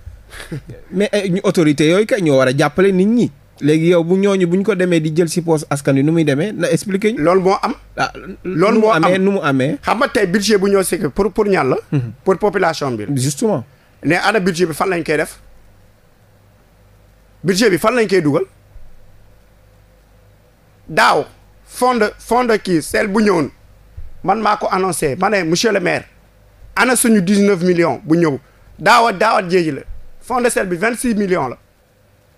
[laughs] mais ay eh, ñu autorité yooyu kay ñoo war a jàppale nit ñi léegi yow bu ñooñu bu ñu ko demee di jël si poos askan wi nu muy demee na expliqué loolu moo am. ah loolu moo am nu mu amee xam nga tey budget bu ñoo sécurité pour pour ñan la. Mhm. pour population bi. justement ne ana budget bi fan lañ koy def budget bi fan lañ koy dugal daaw fond de fond de kii seel bu ñëwoon man maa ko annoncé ma ne monsieur le maire ana suñu dix neuf million bu ñëw daawat daawat jéegi la fond de seel bi vingt six millions la.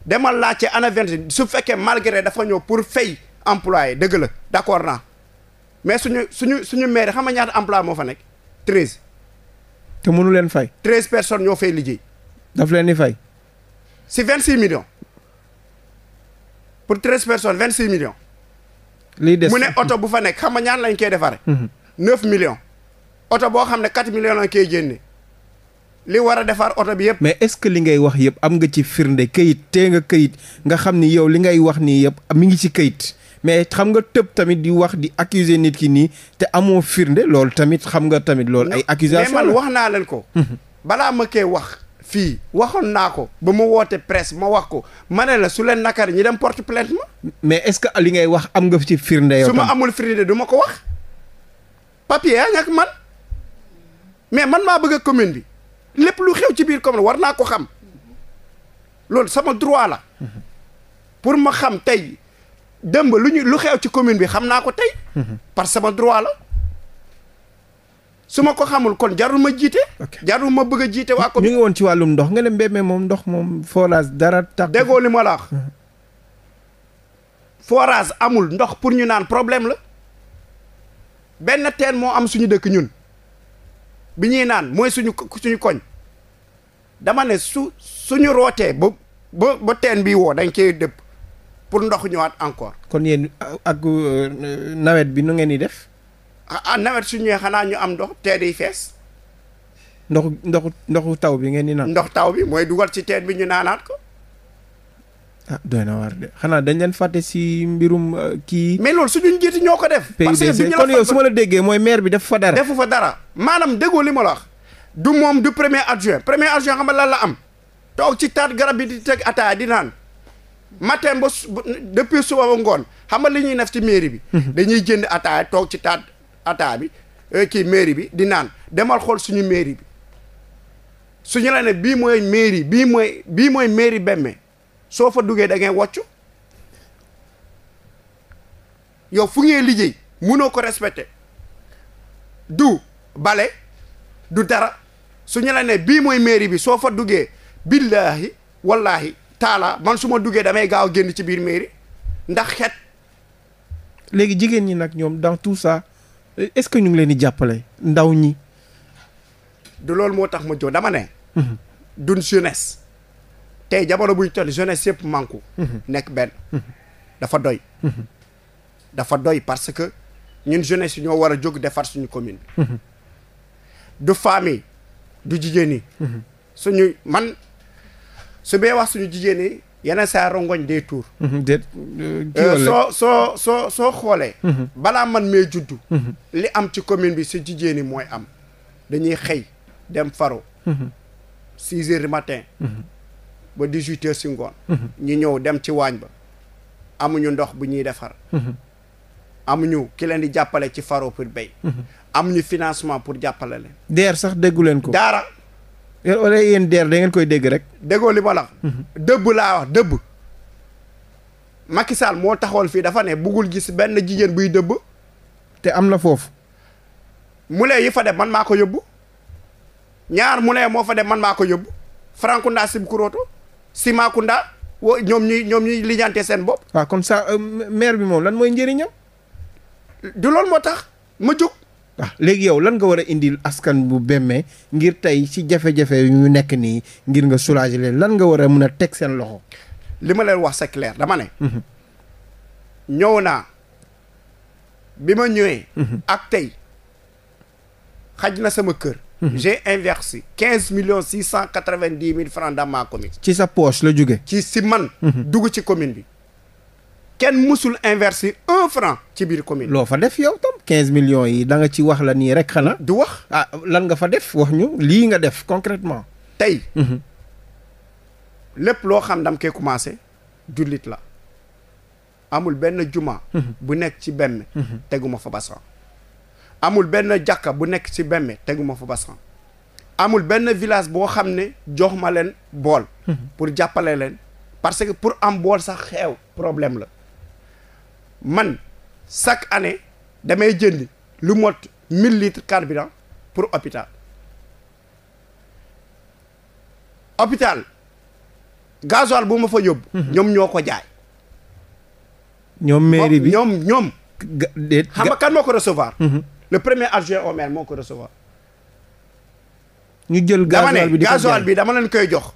demal laajte ana vingt su fekkee malgré dafa ñëw pour fay employé dëgg la d'accord naa mais suñu suñu suñu maire xam nga ñaata emploi moo fa nekk treize. te mënu leen fay. treize personnes ñoo fay liggéey. daf leen di fay. si vingt six millions pour treize personnes vingt six millions. lii des mu ne oto bu fa nekk xam nga ñaata lañ koy defaree. Mhm. neuf millions. oto boo xam ne quatre millions lañ koy génne. li war a defar oto bi yëpp. mais est-ce que li ngay wax yëpp am nga ci firnde këyit tee nga këyit nga xam ni yow li ngay wax nii yëpp mi ngi ci këyit mais xam nga tëb tamit di wax di accuser nit ki nii te amoo firnde loolu tamit xam nga tamit lool ay accusation mais man wax naa leen ko. Mhm. balaa ma koy wax. fii waxoon naa ko ba mu woote presse ma wax ko ma ne la su leen nakar ñi dem porte plainte ma. mais est-ce que li ngay wax am nga ci firnde yow. su ma amul firnde du ma ko wax. papier yaa mais man maa bëgg commune bi. lépp lu xew ci biir commune war naa ko xam loolu sama droit la pour ma xam tey dëmb lu ñu lu xew ci commune bi xam naa ko tey parce que sama droit la su ma ko xamul kon jarul ma jiite jarul ma bëgg jiite waa commune ñu ngi woon ci wàllum ndox nga ne Mbémé moom ndox moom forage dara tax déggoo li ma la wax forage amul ndox pour ñu naan problème la benn teen moo am suñu dëkk ñun bi ñuy naan mooy suñu suñu koñ dama ne su suñu rootee ba ba ba teen bi woo dañ cee dëpp pour ndox ñëwaat encore. kon yéen ak euh, nawet bi nu ngeen di def. Ah, ah nawet su ñëwee xanaa ñu am ndox teen yi fees. ndoxu ndoxu ndoxu taw bi ngeen di naan. ndox taw bi mooy dugal ci teen bi ñu naanaat ko. ah de xanaa dañ leen fàtte si mbirum euh, kii. mais loolu suñu njiiti ñoo ko def. parce que kon yow su ma la mooy maire bi def fa dara. defu fa dara maanaam déggoo li ma la wax. du moom du premier adjoint premier adjoint xam nga lan la am. toog ci taat garab bi di teg ataaya di naan. matin ba depuis suba ba ngoon xam nga li ñuy def ci mairie bi. Mhm. dañuy jënd ataaya toog ci taat ataaya bi euh, ki mairie bi di naan demal xool suñu mairie bi. suñu la ne bii mooy mairie bii mooy bii mooy mairie Bembey. soo fa duggee da ngay wocc yow fu ngeen liggéey munoo ko respecté du bale du dara su ñu bii mooy mairie bi soo fa duggee billaahi wallaahi taala man su ma duggee damay gaaw génn ci biir mairie ndax xet léegi jigéen ñi nag ñoom dans tout ça est-ce que ñu ngi leen di jàppale ndaw ñi du loolu moo tax ma jox dama ne mhm. dun jeunesse tey jamono bu ñu toll jeunesse yëpp manku mhm. nekk benn mhm. dafa doy mhm. dafa doy parce que ñun jeunesse yi ñoo war a jóg defar suñu commune du femmes du jigéen yi suñu man su bee wax suñu jigéen yi yeneen saa rongoñ day tuur euh, euh, soo soo soo xoolee balaa man mee juddu li am ci commune bi si jigéen yi mooy am dañuy xëy dem faro six heures du matin ba dix huit heures si ngoon. Mhm. ñu ñëw dem ci waañ ba. amuñu ndox bu ñuy defar. Mhm. amuñu ki leen di jàppale ci faro pour béy. Mhm. amuñu financement pour jàppale leen. DER sax déggu leen ko. daara. wala yéen DER da ngeen koy dégg rek. déggoo li ma la wax. dëbb laa wax dëbb. Macky Sall moo taxoon fii dafa ne bëggul gis benn jigéen buy dëbb. te am na foofu. mu mule yi fa dem man maa ko yóbbu. ñaar mu mule moo fa dem man maa ko yóbbu. Franku Ndasim Kuroto. Simacounda wo ñoom ñuy ñoom ñuy liñante seen bopp. waaw ah, kon ça euh, maire bi moom lan mooy njëriñam. du lool moo tax ma jóg. Ah, léegi yow lan nga war a indil askan bu bemme ngir tey ci jafe-jafe yu ñu nekk nii ngir nga soulager leen lan nga war a mun a teg seen loxo. li ma leen wax c'est clair dama ne. Mhm. ñëw naa bi ma ñëwee. Mhm. ak tey xaj na sama kër. Mhm. j'ai inversé quinze millions six cent quatre-vingt-dix mille francs dans ma commune ci sa poche la jóge ci si man mhm. dugg ci commune bi kenn mësul inversé un franc ci biir commune loo fa def yow tam quinze millions yi da nga ci wax la nii rek xanaa du wax ah lan nga fa def wax ñu lii nga def concrètement tey mhm. lépp loo xam dam koy commencé jullit la amul benn juma bu nekk ci benn teguma fa basan amul benn jàkka bu nekk ci bemme teguma fa basan amul benn village boo xam ne joxuma leen bool mhm. pour jàppale leen parce que pour am bool sax xeew problème la man chaque année damay jëndi lu mot mille litres carburant pour hôpital hôpital gasoil bu ma fa yóbbu mhm. ñoom ñoo ko jaay ñoom mairie bi ñoom ñoom xam nga kan moo ko recevoir mhm. le premier adjoint au maire moo ko recevoir. ñu jël gasoil bi gasoil bi dama leen koy jox.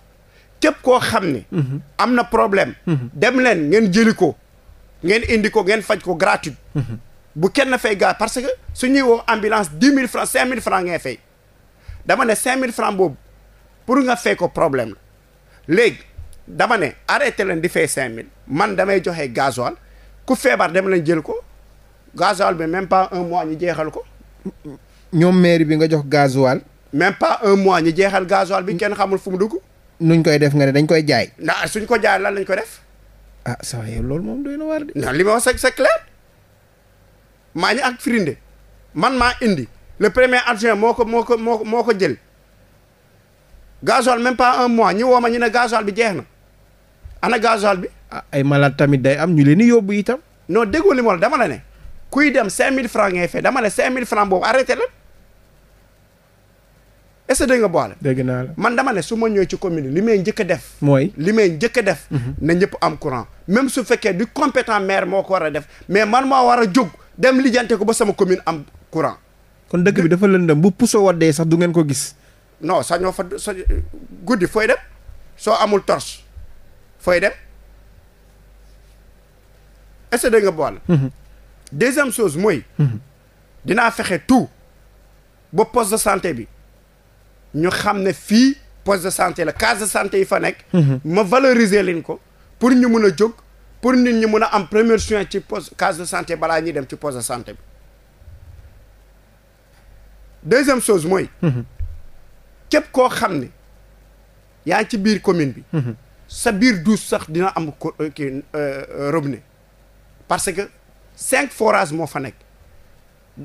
képp koo xam ne. Mhm. am na problème. Mhm. dem leen ngeen jëli ko. ngeen indi ko ngeen faj ko gratuit. Mhm. bu kenn fay gaz parce que su ñuy woo ambulance mille francs cinq mille francs ngay fay. dama ne cinq mille francs boobu pour nga fay ko problème la léegi dama ne arrêté leen di fay cinq mille man damay joxe gasoil ku feebar dem leen jël ko. gasoil bi même pas un mois ñu jeexal ko. ñoom mairie bi nga jox gasoil. même pas un mois ñu jeexal gasoil bi kenn xamul fu dugg. nuñ koy def nga ne dañ koy jaay. ndax suñ ko jaay lan lañ ko def. ah ça loolu moom doy na waar li ma wax c'est clair maa ñi ak firinde man maa indi le premier adjoint moo ko moo ko moo moo ko jël gasoil même pas un mois ñu woo ma ñu ne gasoil bi jeex na ana gasoil bi. Ah ay malade tamit day am ñu leen di yóbbu itam. non déggoo li ma dama la ne. kuy dem 5000 francs ngay fay dama ne 5000 francs boobu arrêté la est-ce nga boole. dégg naa man dama ne su ma ñëwee ci commune li may njëkk a def. mooy li may njëkk a def. Mhm. na ñëpp am courant même su fekkee di compétent maire moo ko war a def mais man maa war a jóg dem lijjante ko ba sama commune am courant. kon dëkk bi dafa lëndëm bu puso waddee sax du ngeen ko gis. non sax ñoo fa sa guddi fooy dem soo amul torche fooy dem est-ce nga boole. deuxième chose mooy. dinaa fexe tout ba poste de santé bi ñu xam ne fii poste de santé la case de santé yi fa nekk. ma valoriser leen ko pour ñu mun a jóg pour nit ñi mun a am première soin ci poste case de santé balaa ñuy dem ci poste de santé bi deuxième chose mooy. képp koo xam ne yaa ngi ci biir commune bi. sa biir douche sax dina am euh, kii euh, robinet parce cinq forages moo fa nekk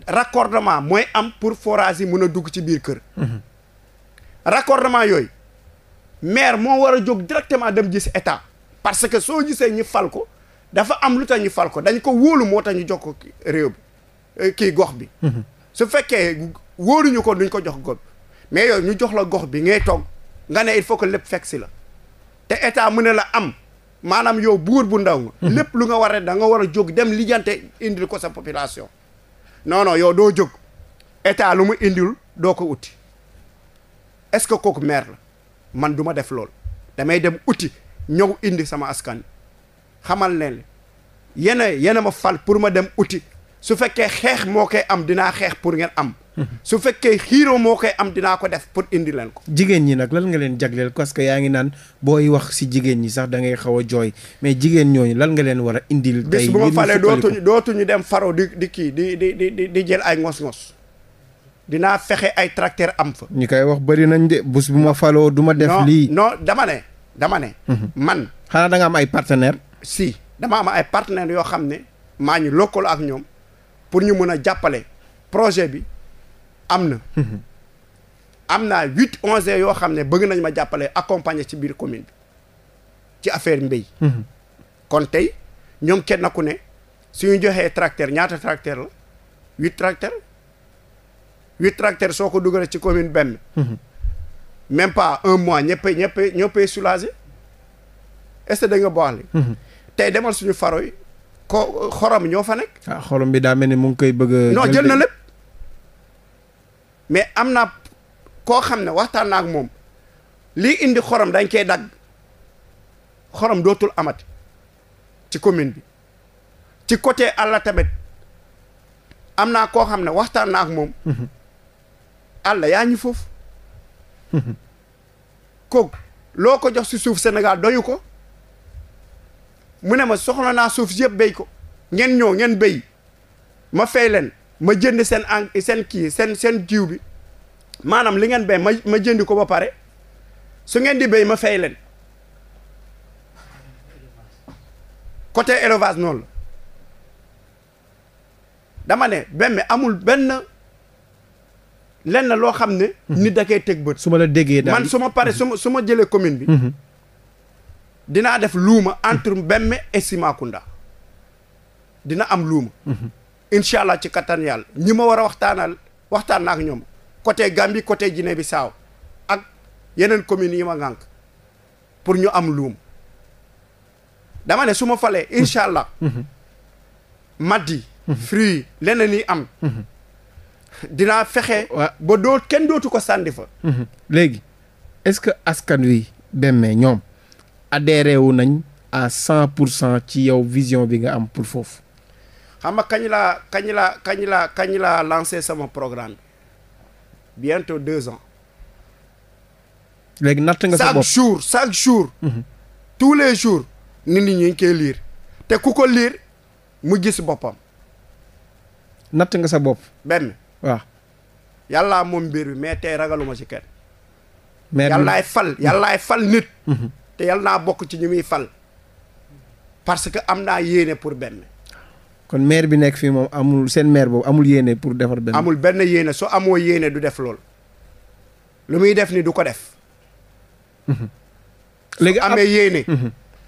raccordement mooy am pour forage yi mën a dugg ci biir kër raccordement yooyu maire moo war a jóg directement dem gis état parce que soo gisee ñu fal ko dafa am lu tax ñu fal ko dañu ko wóolu moo tax ñu jox ko réew bi euh, kii gox bi mhm. su fekkee wóoruñu ko duñ ko jox gox bi mais yooyu ñu jox la gox bi ngay toog nga ne il faut que lépp fekk si la te état mu ne la am maanaam yow buur bu ndaw mhm. lépp lu nga war a da nga war a jóg dem lijjante indil ko sa population non yow doo jóg état lu mu indil doo ko uti est-ce que kooku maire la man du ma def lool damay dem uti ñëw indi sama askan xamal leen yene yene ma fal pour ma dem uti su fekkee xeex moo koy am dinaa xeex pour ngeen am su fekkee xiiroo moo koy am dinaa ko def pour indi leen ko jigéen ñi nag lan nga leen jagleel parce que yaa ngi naan booy wax si jigéen ñi sax da ngay xaw a jooy mais jigéen ñooñu lan nga leen war a indil bis bu ma falee dootuñu dootuñu dem faro di di kii di di di jël ay ngos dinaa fexe ay tracteur am fa ñu koy wax bëri nañ de bu ma faloo duma ma def lii non dama ne dama ne mhm. man xanaa da nga am ay partenaire si dama am ay partenaires yoo xam ne maa ñu lëkkaloo ak ñoom pour ñu mën a jàppale projet bi am na am na huit onze yoo xam ne bëgg nañ ma jàppale accompagner ci biir commune bi ci affaire mbéy kon tey ñoom kenn ku ne suñu joxee tracteur ñaata tracteur la huit tracteur huit tracteur soo ko dugalee ci commune benn même pas un mois ñëpp ñëpp ñëpp soulagé est-ce que da nga baax li tey demal suñu faro yi ko xorom ñoo fa nekk ah, xorom bi daa mel ni mu ngi koy bëgg a jël na lépp mais am na koo xam ne waxtaanaak moom lii indi xorom dañ koy dagg xorom dootul amati ci commune bi ci côté àll tamit am naa koo xam ne waxtaan naa ak moom mhm. àll yaa ñu foofu kooku loo ko jox si suuf senegal doyu ko mu ne ma soxla naa suuf yëpp béy ko ngeen ñëw ngeen béy ma fay leen ma jënd seen en seen kii seen seen jiw bi maanaam li ngeen béy ma ma jëndi ko ba pare su ngeen di béy ma fay leen côté élevage noonu la dama ne benn amul benn lenn loo xam ne. Mhm. nit da koy teg bët. su la déggee daal man su ma pare su ma su ma jëlee commune bi. Mhm. dinaa def luuma entre Mbemme et Simakunda dina am luuma. Mhm. incha allah ci kattan yàlla ñi ma war a waxtaanal waxtaan na ak ñoom côté Gambie côté bi saaw ak yeneen communes yi ma ngànk pour ñu am luum dama ne su ma falee incha allah. maddi. fruits yi leneen yi am. dinaa fexe. ba doo kenn dootu ko sànni fa. léegi est-ce que askan wi bemme ñoom adhéré nañ à cent pour cent ci yow vision bi nga am pour foofu. xam kañ laa kañ laa kañ laa kañ laa lancé sama programme bientôt deux ans. léegi natt nga sa bopp chaque jour chaque jour. Mhm. tous les jours nit ñi ñu ngi liir te ku ko liir mu gis boppam. natt nga sa bopp. benn waaw. yàllaa moom mbir bi mais tey ragaluma ci kenn. mais yàllaay fal yàllaay fal nit. Mhm. te yàlla naa bokk ci ñu muy fal. parce que am naa yéene pour benn. kon maire bi nekk fii moom amul seen maire boobu amul yéene pour defar benn. amul benn yéene soo amoo yéene du def lool lu muy def ni du ko def. [laughs] léegi amee yéene.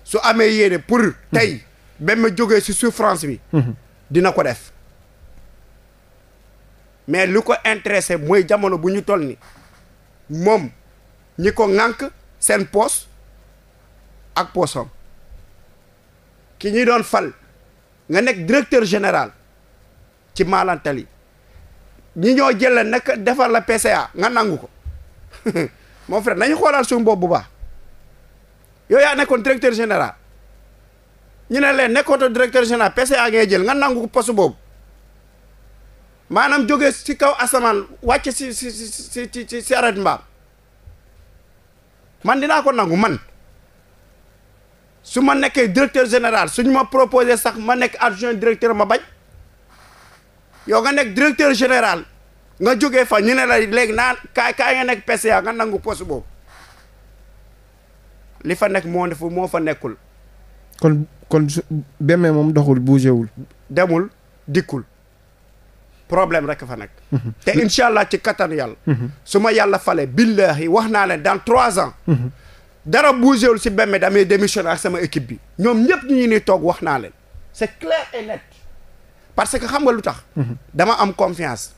su [laughs] mhm. amee yéene pour. Mhm. tey ba ma jógee si souffrance bi. Mhm. dina ko def. mais lu ko intéressé mooy jamono bu ñu toll ni moom ñi ko ŋànk seen poos ak poosam ki ñi doon fal. nga nekk directeur général ci Maalantali ñi ñoo jël nag defar la PCA nga nangu ko [laughs] moo frère nañu xoolal suñu bopp bu baax yow yaa nekkoon directeur général ñu ne leen nekkoon directeur général PCA ngay jël nga nangu ko poste boobu maanaam jóge si kaw asamaan wàcc si si si si si si mbaam man dinaa ko nangu man. su ma nekkee directeur général suñu ma proposé sax ma nekk adjoint directeur ma bay yow nga nekk directeur général nga jógee fa ñu ne la léegi naan kaay kaay nga nekk PCA nga nangu poste boobu li fa nekk moo defu moo fa nekkul. kon kon Beme moom doxul bougé wul. demul dikkul problème rek fa nekk. Mhm. te incha allah ci kattan yàlla. Mhm. su ma yàlla fale billahi wax naa leen dans trois ans. Mhm. dara bougéwul si benn damay démissionné ak sama équipe bi ñoom ñëpp ñu ngi nii toog wax naa leen c'est clair et net parce que xam nga lu tax. Mhm. dama am confiance.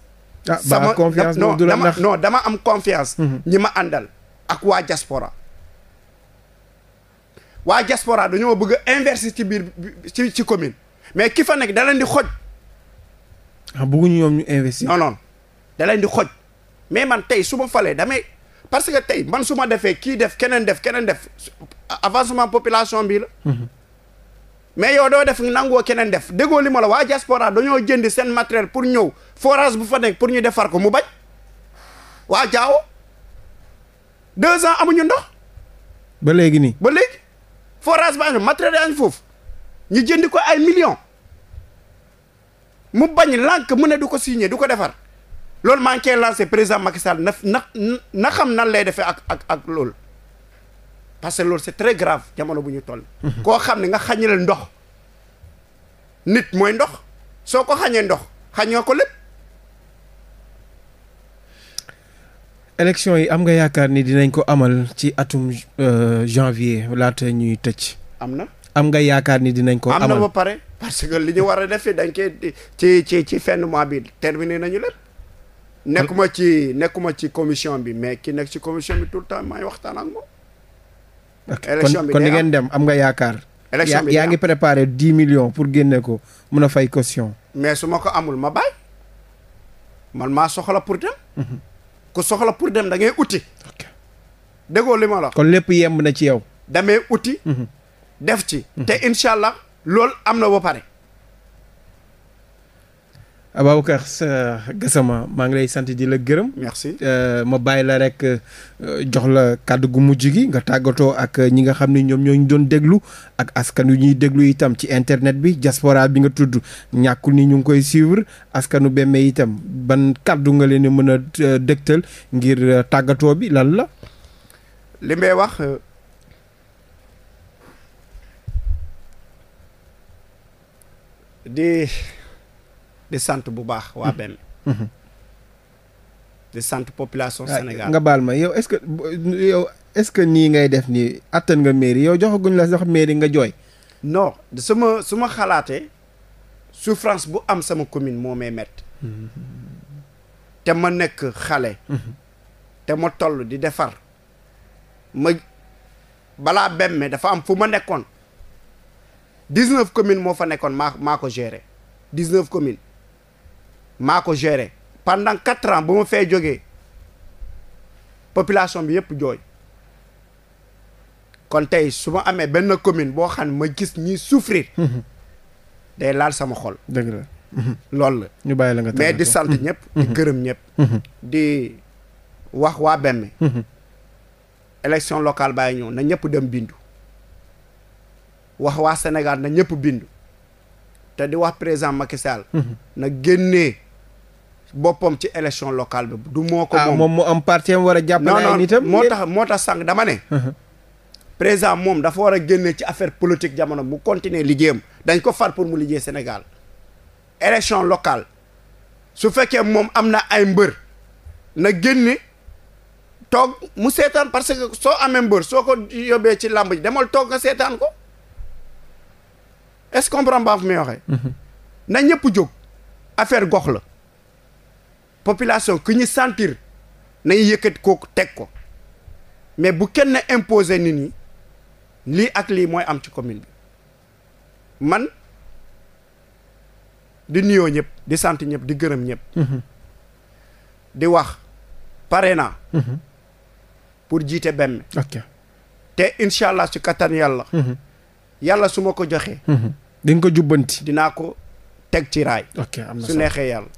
ah sama confiance dama am confiance. Mhm. ñi ma àndal ak waa jaspora waa jaspora dañoo bëgg a inverser ci biir ci ci commune mais ki fa nekk da leen di xoj. ah bëgguñu ñoom ñu investir. non non da leen di xoj mais man tey su ma falee damay. parce que tey man su ma defee kii def keneen def keneen def avancement population bii la. mais yow doo def nangoo keneen def déggoo li ma la waa diaspora dañoo jënd seen matériel pour ñëw forage bu fa nekk pour ñu defar ko mu bañ waa jaaw deux ans amuñu ndox. ba léegi nii ba léegi forage baa ngi matériel yaa ngi foofu ñu jënd ko ay millions mu bañ lank mu ne du ko signé du ko defar loolu maa ngi koy lancé président Macky Sall na xam nan lay defee ak ak ak loolu parce que loolu c'est très grave jamono bu ñu toll. Mhm. koo xam ne nga xañale ndox. nit mooy ndox soo ko xañee ndox xañ nga ko lépp. élection yi am nga yaakaar ni dinañ ko amal ci atum euh, janvier laata ñuy tëj. am na am nga yaakaar ni dinañ ko. amal am na ba pare parce que li ñu war a def dañ koy ci ci ci fin mois bi terminé nañu lépp. nekkuma ci nekkuma ci commission bi mais ki nekk ci commission bi tout le temps maay waxtaan ak moom. élection bi kon ngeen dem am nga yaakaar. élection bi yaa ngi préparé dix millions pour génne ko mun a fay caution. mais su ma ko amul ma bàyyi man maa soxla pour dem. Mhm. ku soxla pour dem da ngay uti. ok déggoo li kon lépp yemb na ci yow. damay uti. Mhm. def ci. Mhm. te incha allah loolu am na ba pare. Ababacar Gassama maa ngi lay sant di la gërëm. merci euh, ma bàyyi la rek euh, jox la kàddu gu mujj gi nga tàggatoo ak euh, ñi nga xam ne ñoom ñoo ñu doon déglu ak askan wi ñuy déglu itam ci internet bi diaspora bi nga tudd ñàkku ni ñu ngi koy suivre askanu Beme itam ban kàddu nga leen mën a dëgtal ngir tàggatoo bi lan la. li may wax. di sant bu baax waa benn mhm. di sant population Sénégal nga baal ma yow est-ce que yow est-ce que nii ngay def nii attan nga mairie yow joxaguñ la sax mairie nga jooy non suma su ma xalaatee souffrance bu am sama commune moo may mett mhm. te ma nekk xale mhm. te ma toll di defar ma balaa bemme dafa am fu ma nekkoon dix-neuf communes moo fa nekkoon maa maa ko gérer dix-neuf communes maa ko géré pendant quatre ans ba ma fee jógee population bi yëpp jooy kon tey su ma amee benn commune boo xam ne ma gis ñuy souffrir. Mhm. day laal sama xol. dëgg mhm. loolu la. ñu bàyyi la nga mais di sant mhm. ñëpp. di gërëm ñëpp. di wax waa benn. élection locale bàyyi ñëw na ñëpp dem bindu. wax waa Sénégal na ñëpp bindu. te di wax président Macky Sall. na génnee. boppam ci élection locale bi du moo ko ah, moom moo am partie am war a jàppale ay nitam moo tax moo tax sànq dama ne [laughs] uh-huh. président moom dafa war a génnee ci affaire politique jamono mu continuer liggéeyam dañ ko far pour mu liggéey senegal élection locale su fekkee moom am na ay mbër na génne toog mu seetaan parce que soo amee mbër soo ko yóbbee ci làmb ji demal toog nga seetaan ko est-ce comprend baa fu may uh-huh. na ñëpp jóg affaire gox la population ki ñu sentir nañu yëkkat kooku teg ko mais bu kenn imposer nit ñi lii ak lii mooy am ci commune bi man di nuyoo ñëpp di sant ñëpp di gërëm ñëpp. Mhm. di wax pare naa. Mhm. pour jiite benn. ok te incha allah ci kattan yàlla. Mhm. yàlla su ma ko joxee. di nga ko jubbanti. dinaa ko teg ci raay. ok su neexee yàlla.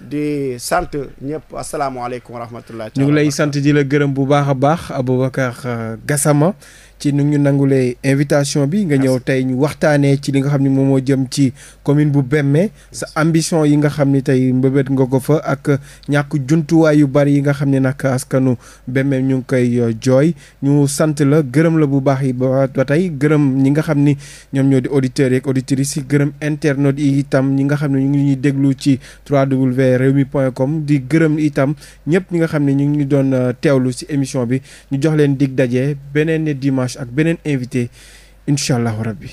di sant ñëpp asalaamaaleykum wa rahmatullah ñu ngi lay sant di la gërëm bu baax a baax Aboubacar euh, gasama ci nu ñu nangulee invitation bi nga ñëw tey ñu waxtaanee ci li nga xam ne moom moo jëm ci commune bu Bemmey sa ambition yi nga xam ni tey mbëbët nga ko fa ak ñàkk juntuwaay yu bari yi nga xam ne nag askanu Bemmey ñu ngi koy euh, jooy ñu sant la gërëm la bu baax yi ba tey gërëm ñi nga xam ni ñoom ñoo di auditeurs yeeg auditrices yi gërëm internautes yi itam ñi nga xam ne ñu ngi ñuy déglu ci www.rewmi.com di gërëm itam ñëpp ñi nga xam ne ñu ngi doon euh, teewlu si émission bi ñu jox leen dig daje beneen dimanche dimanche ak beneen invité incha allahu rabbi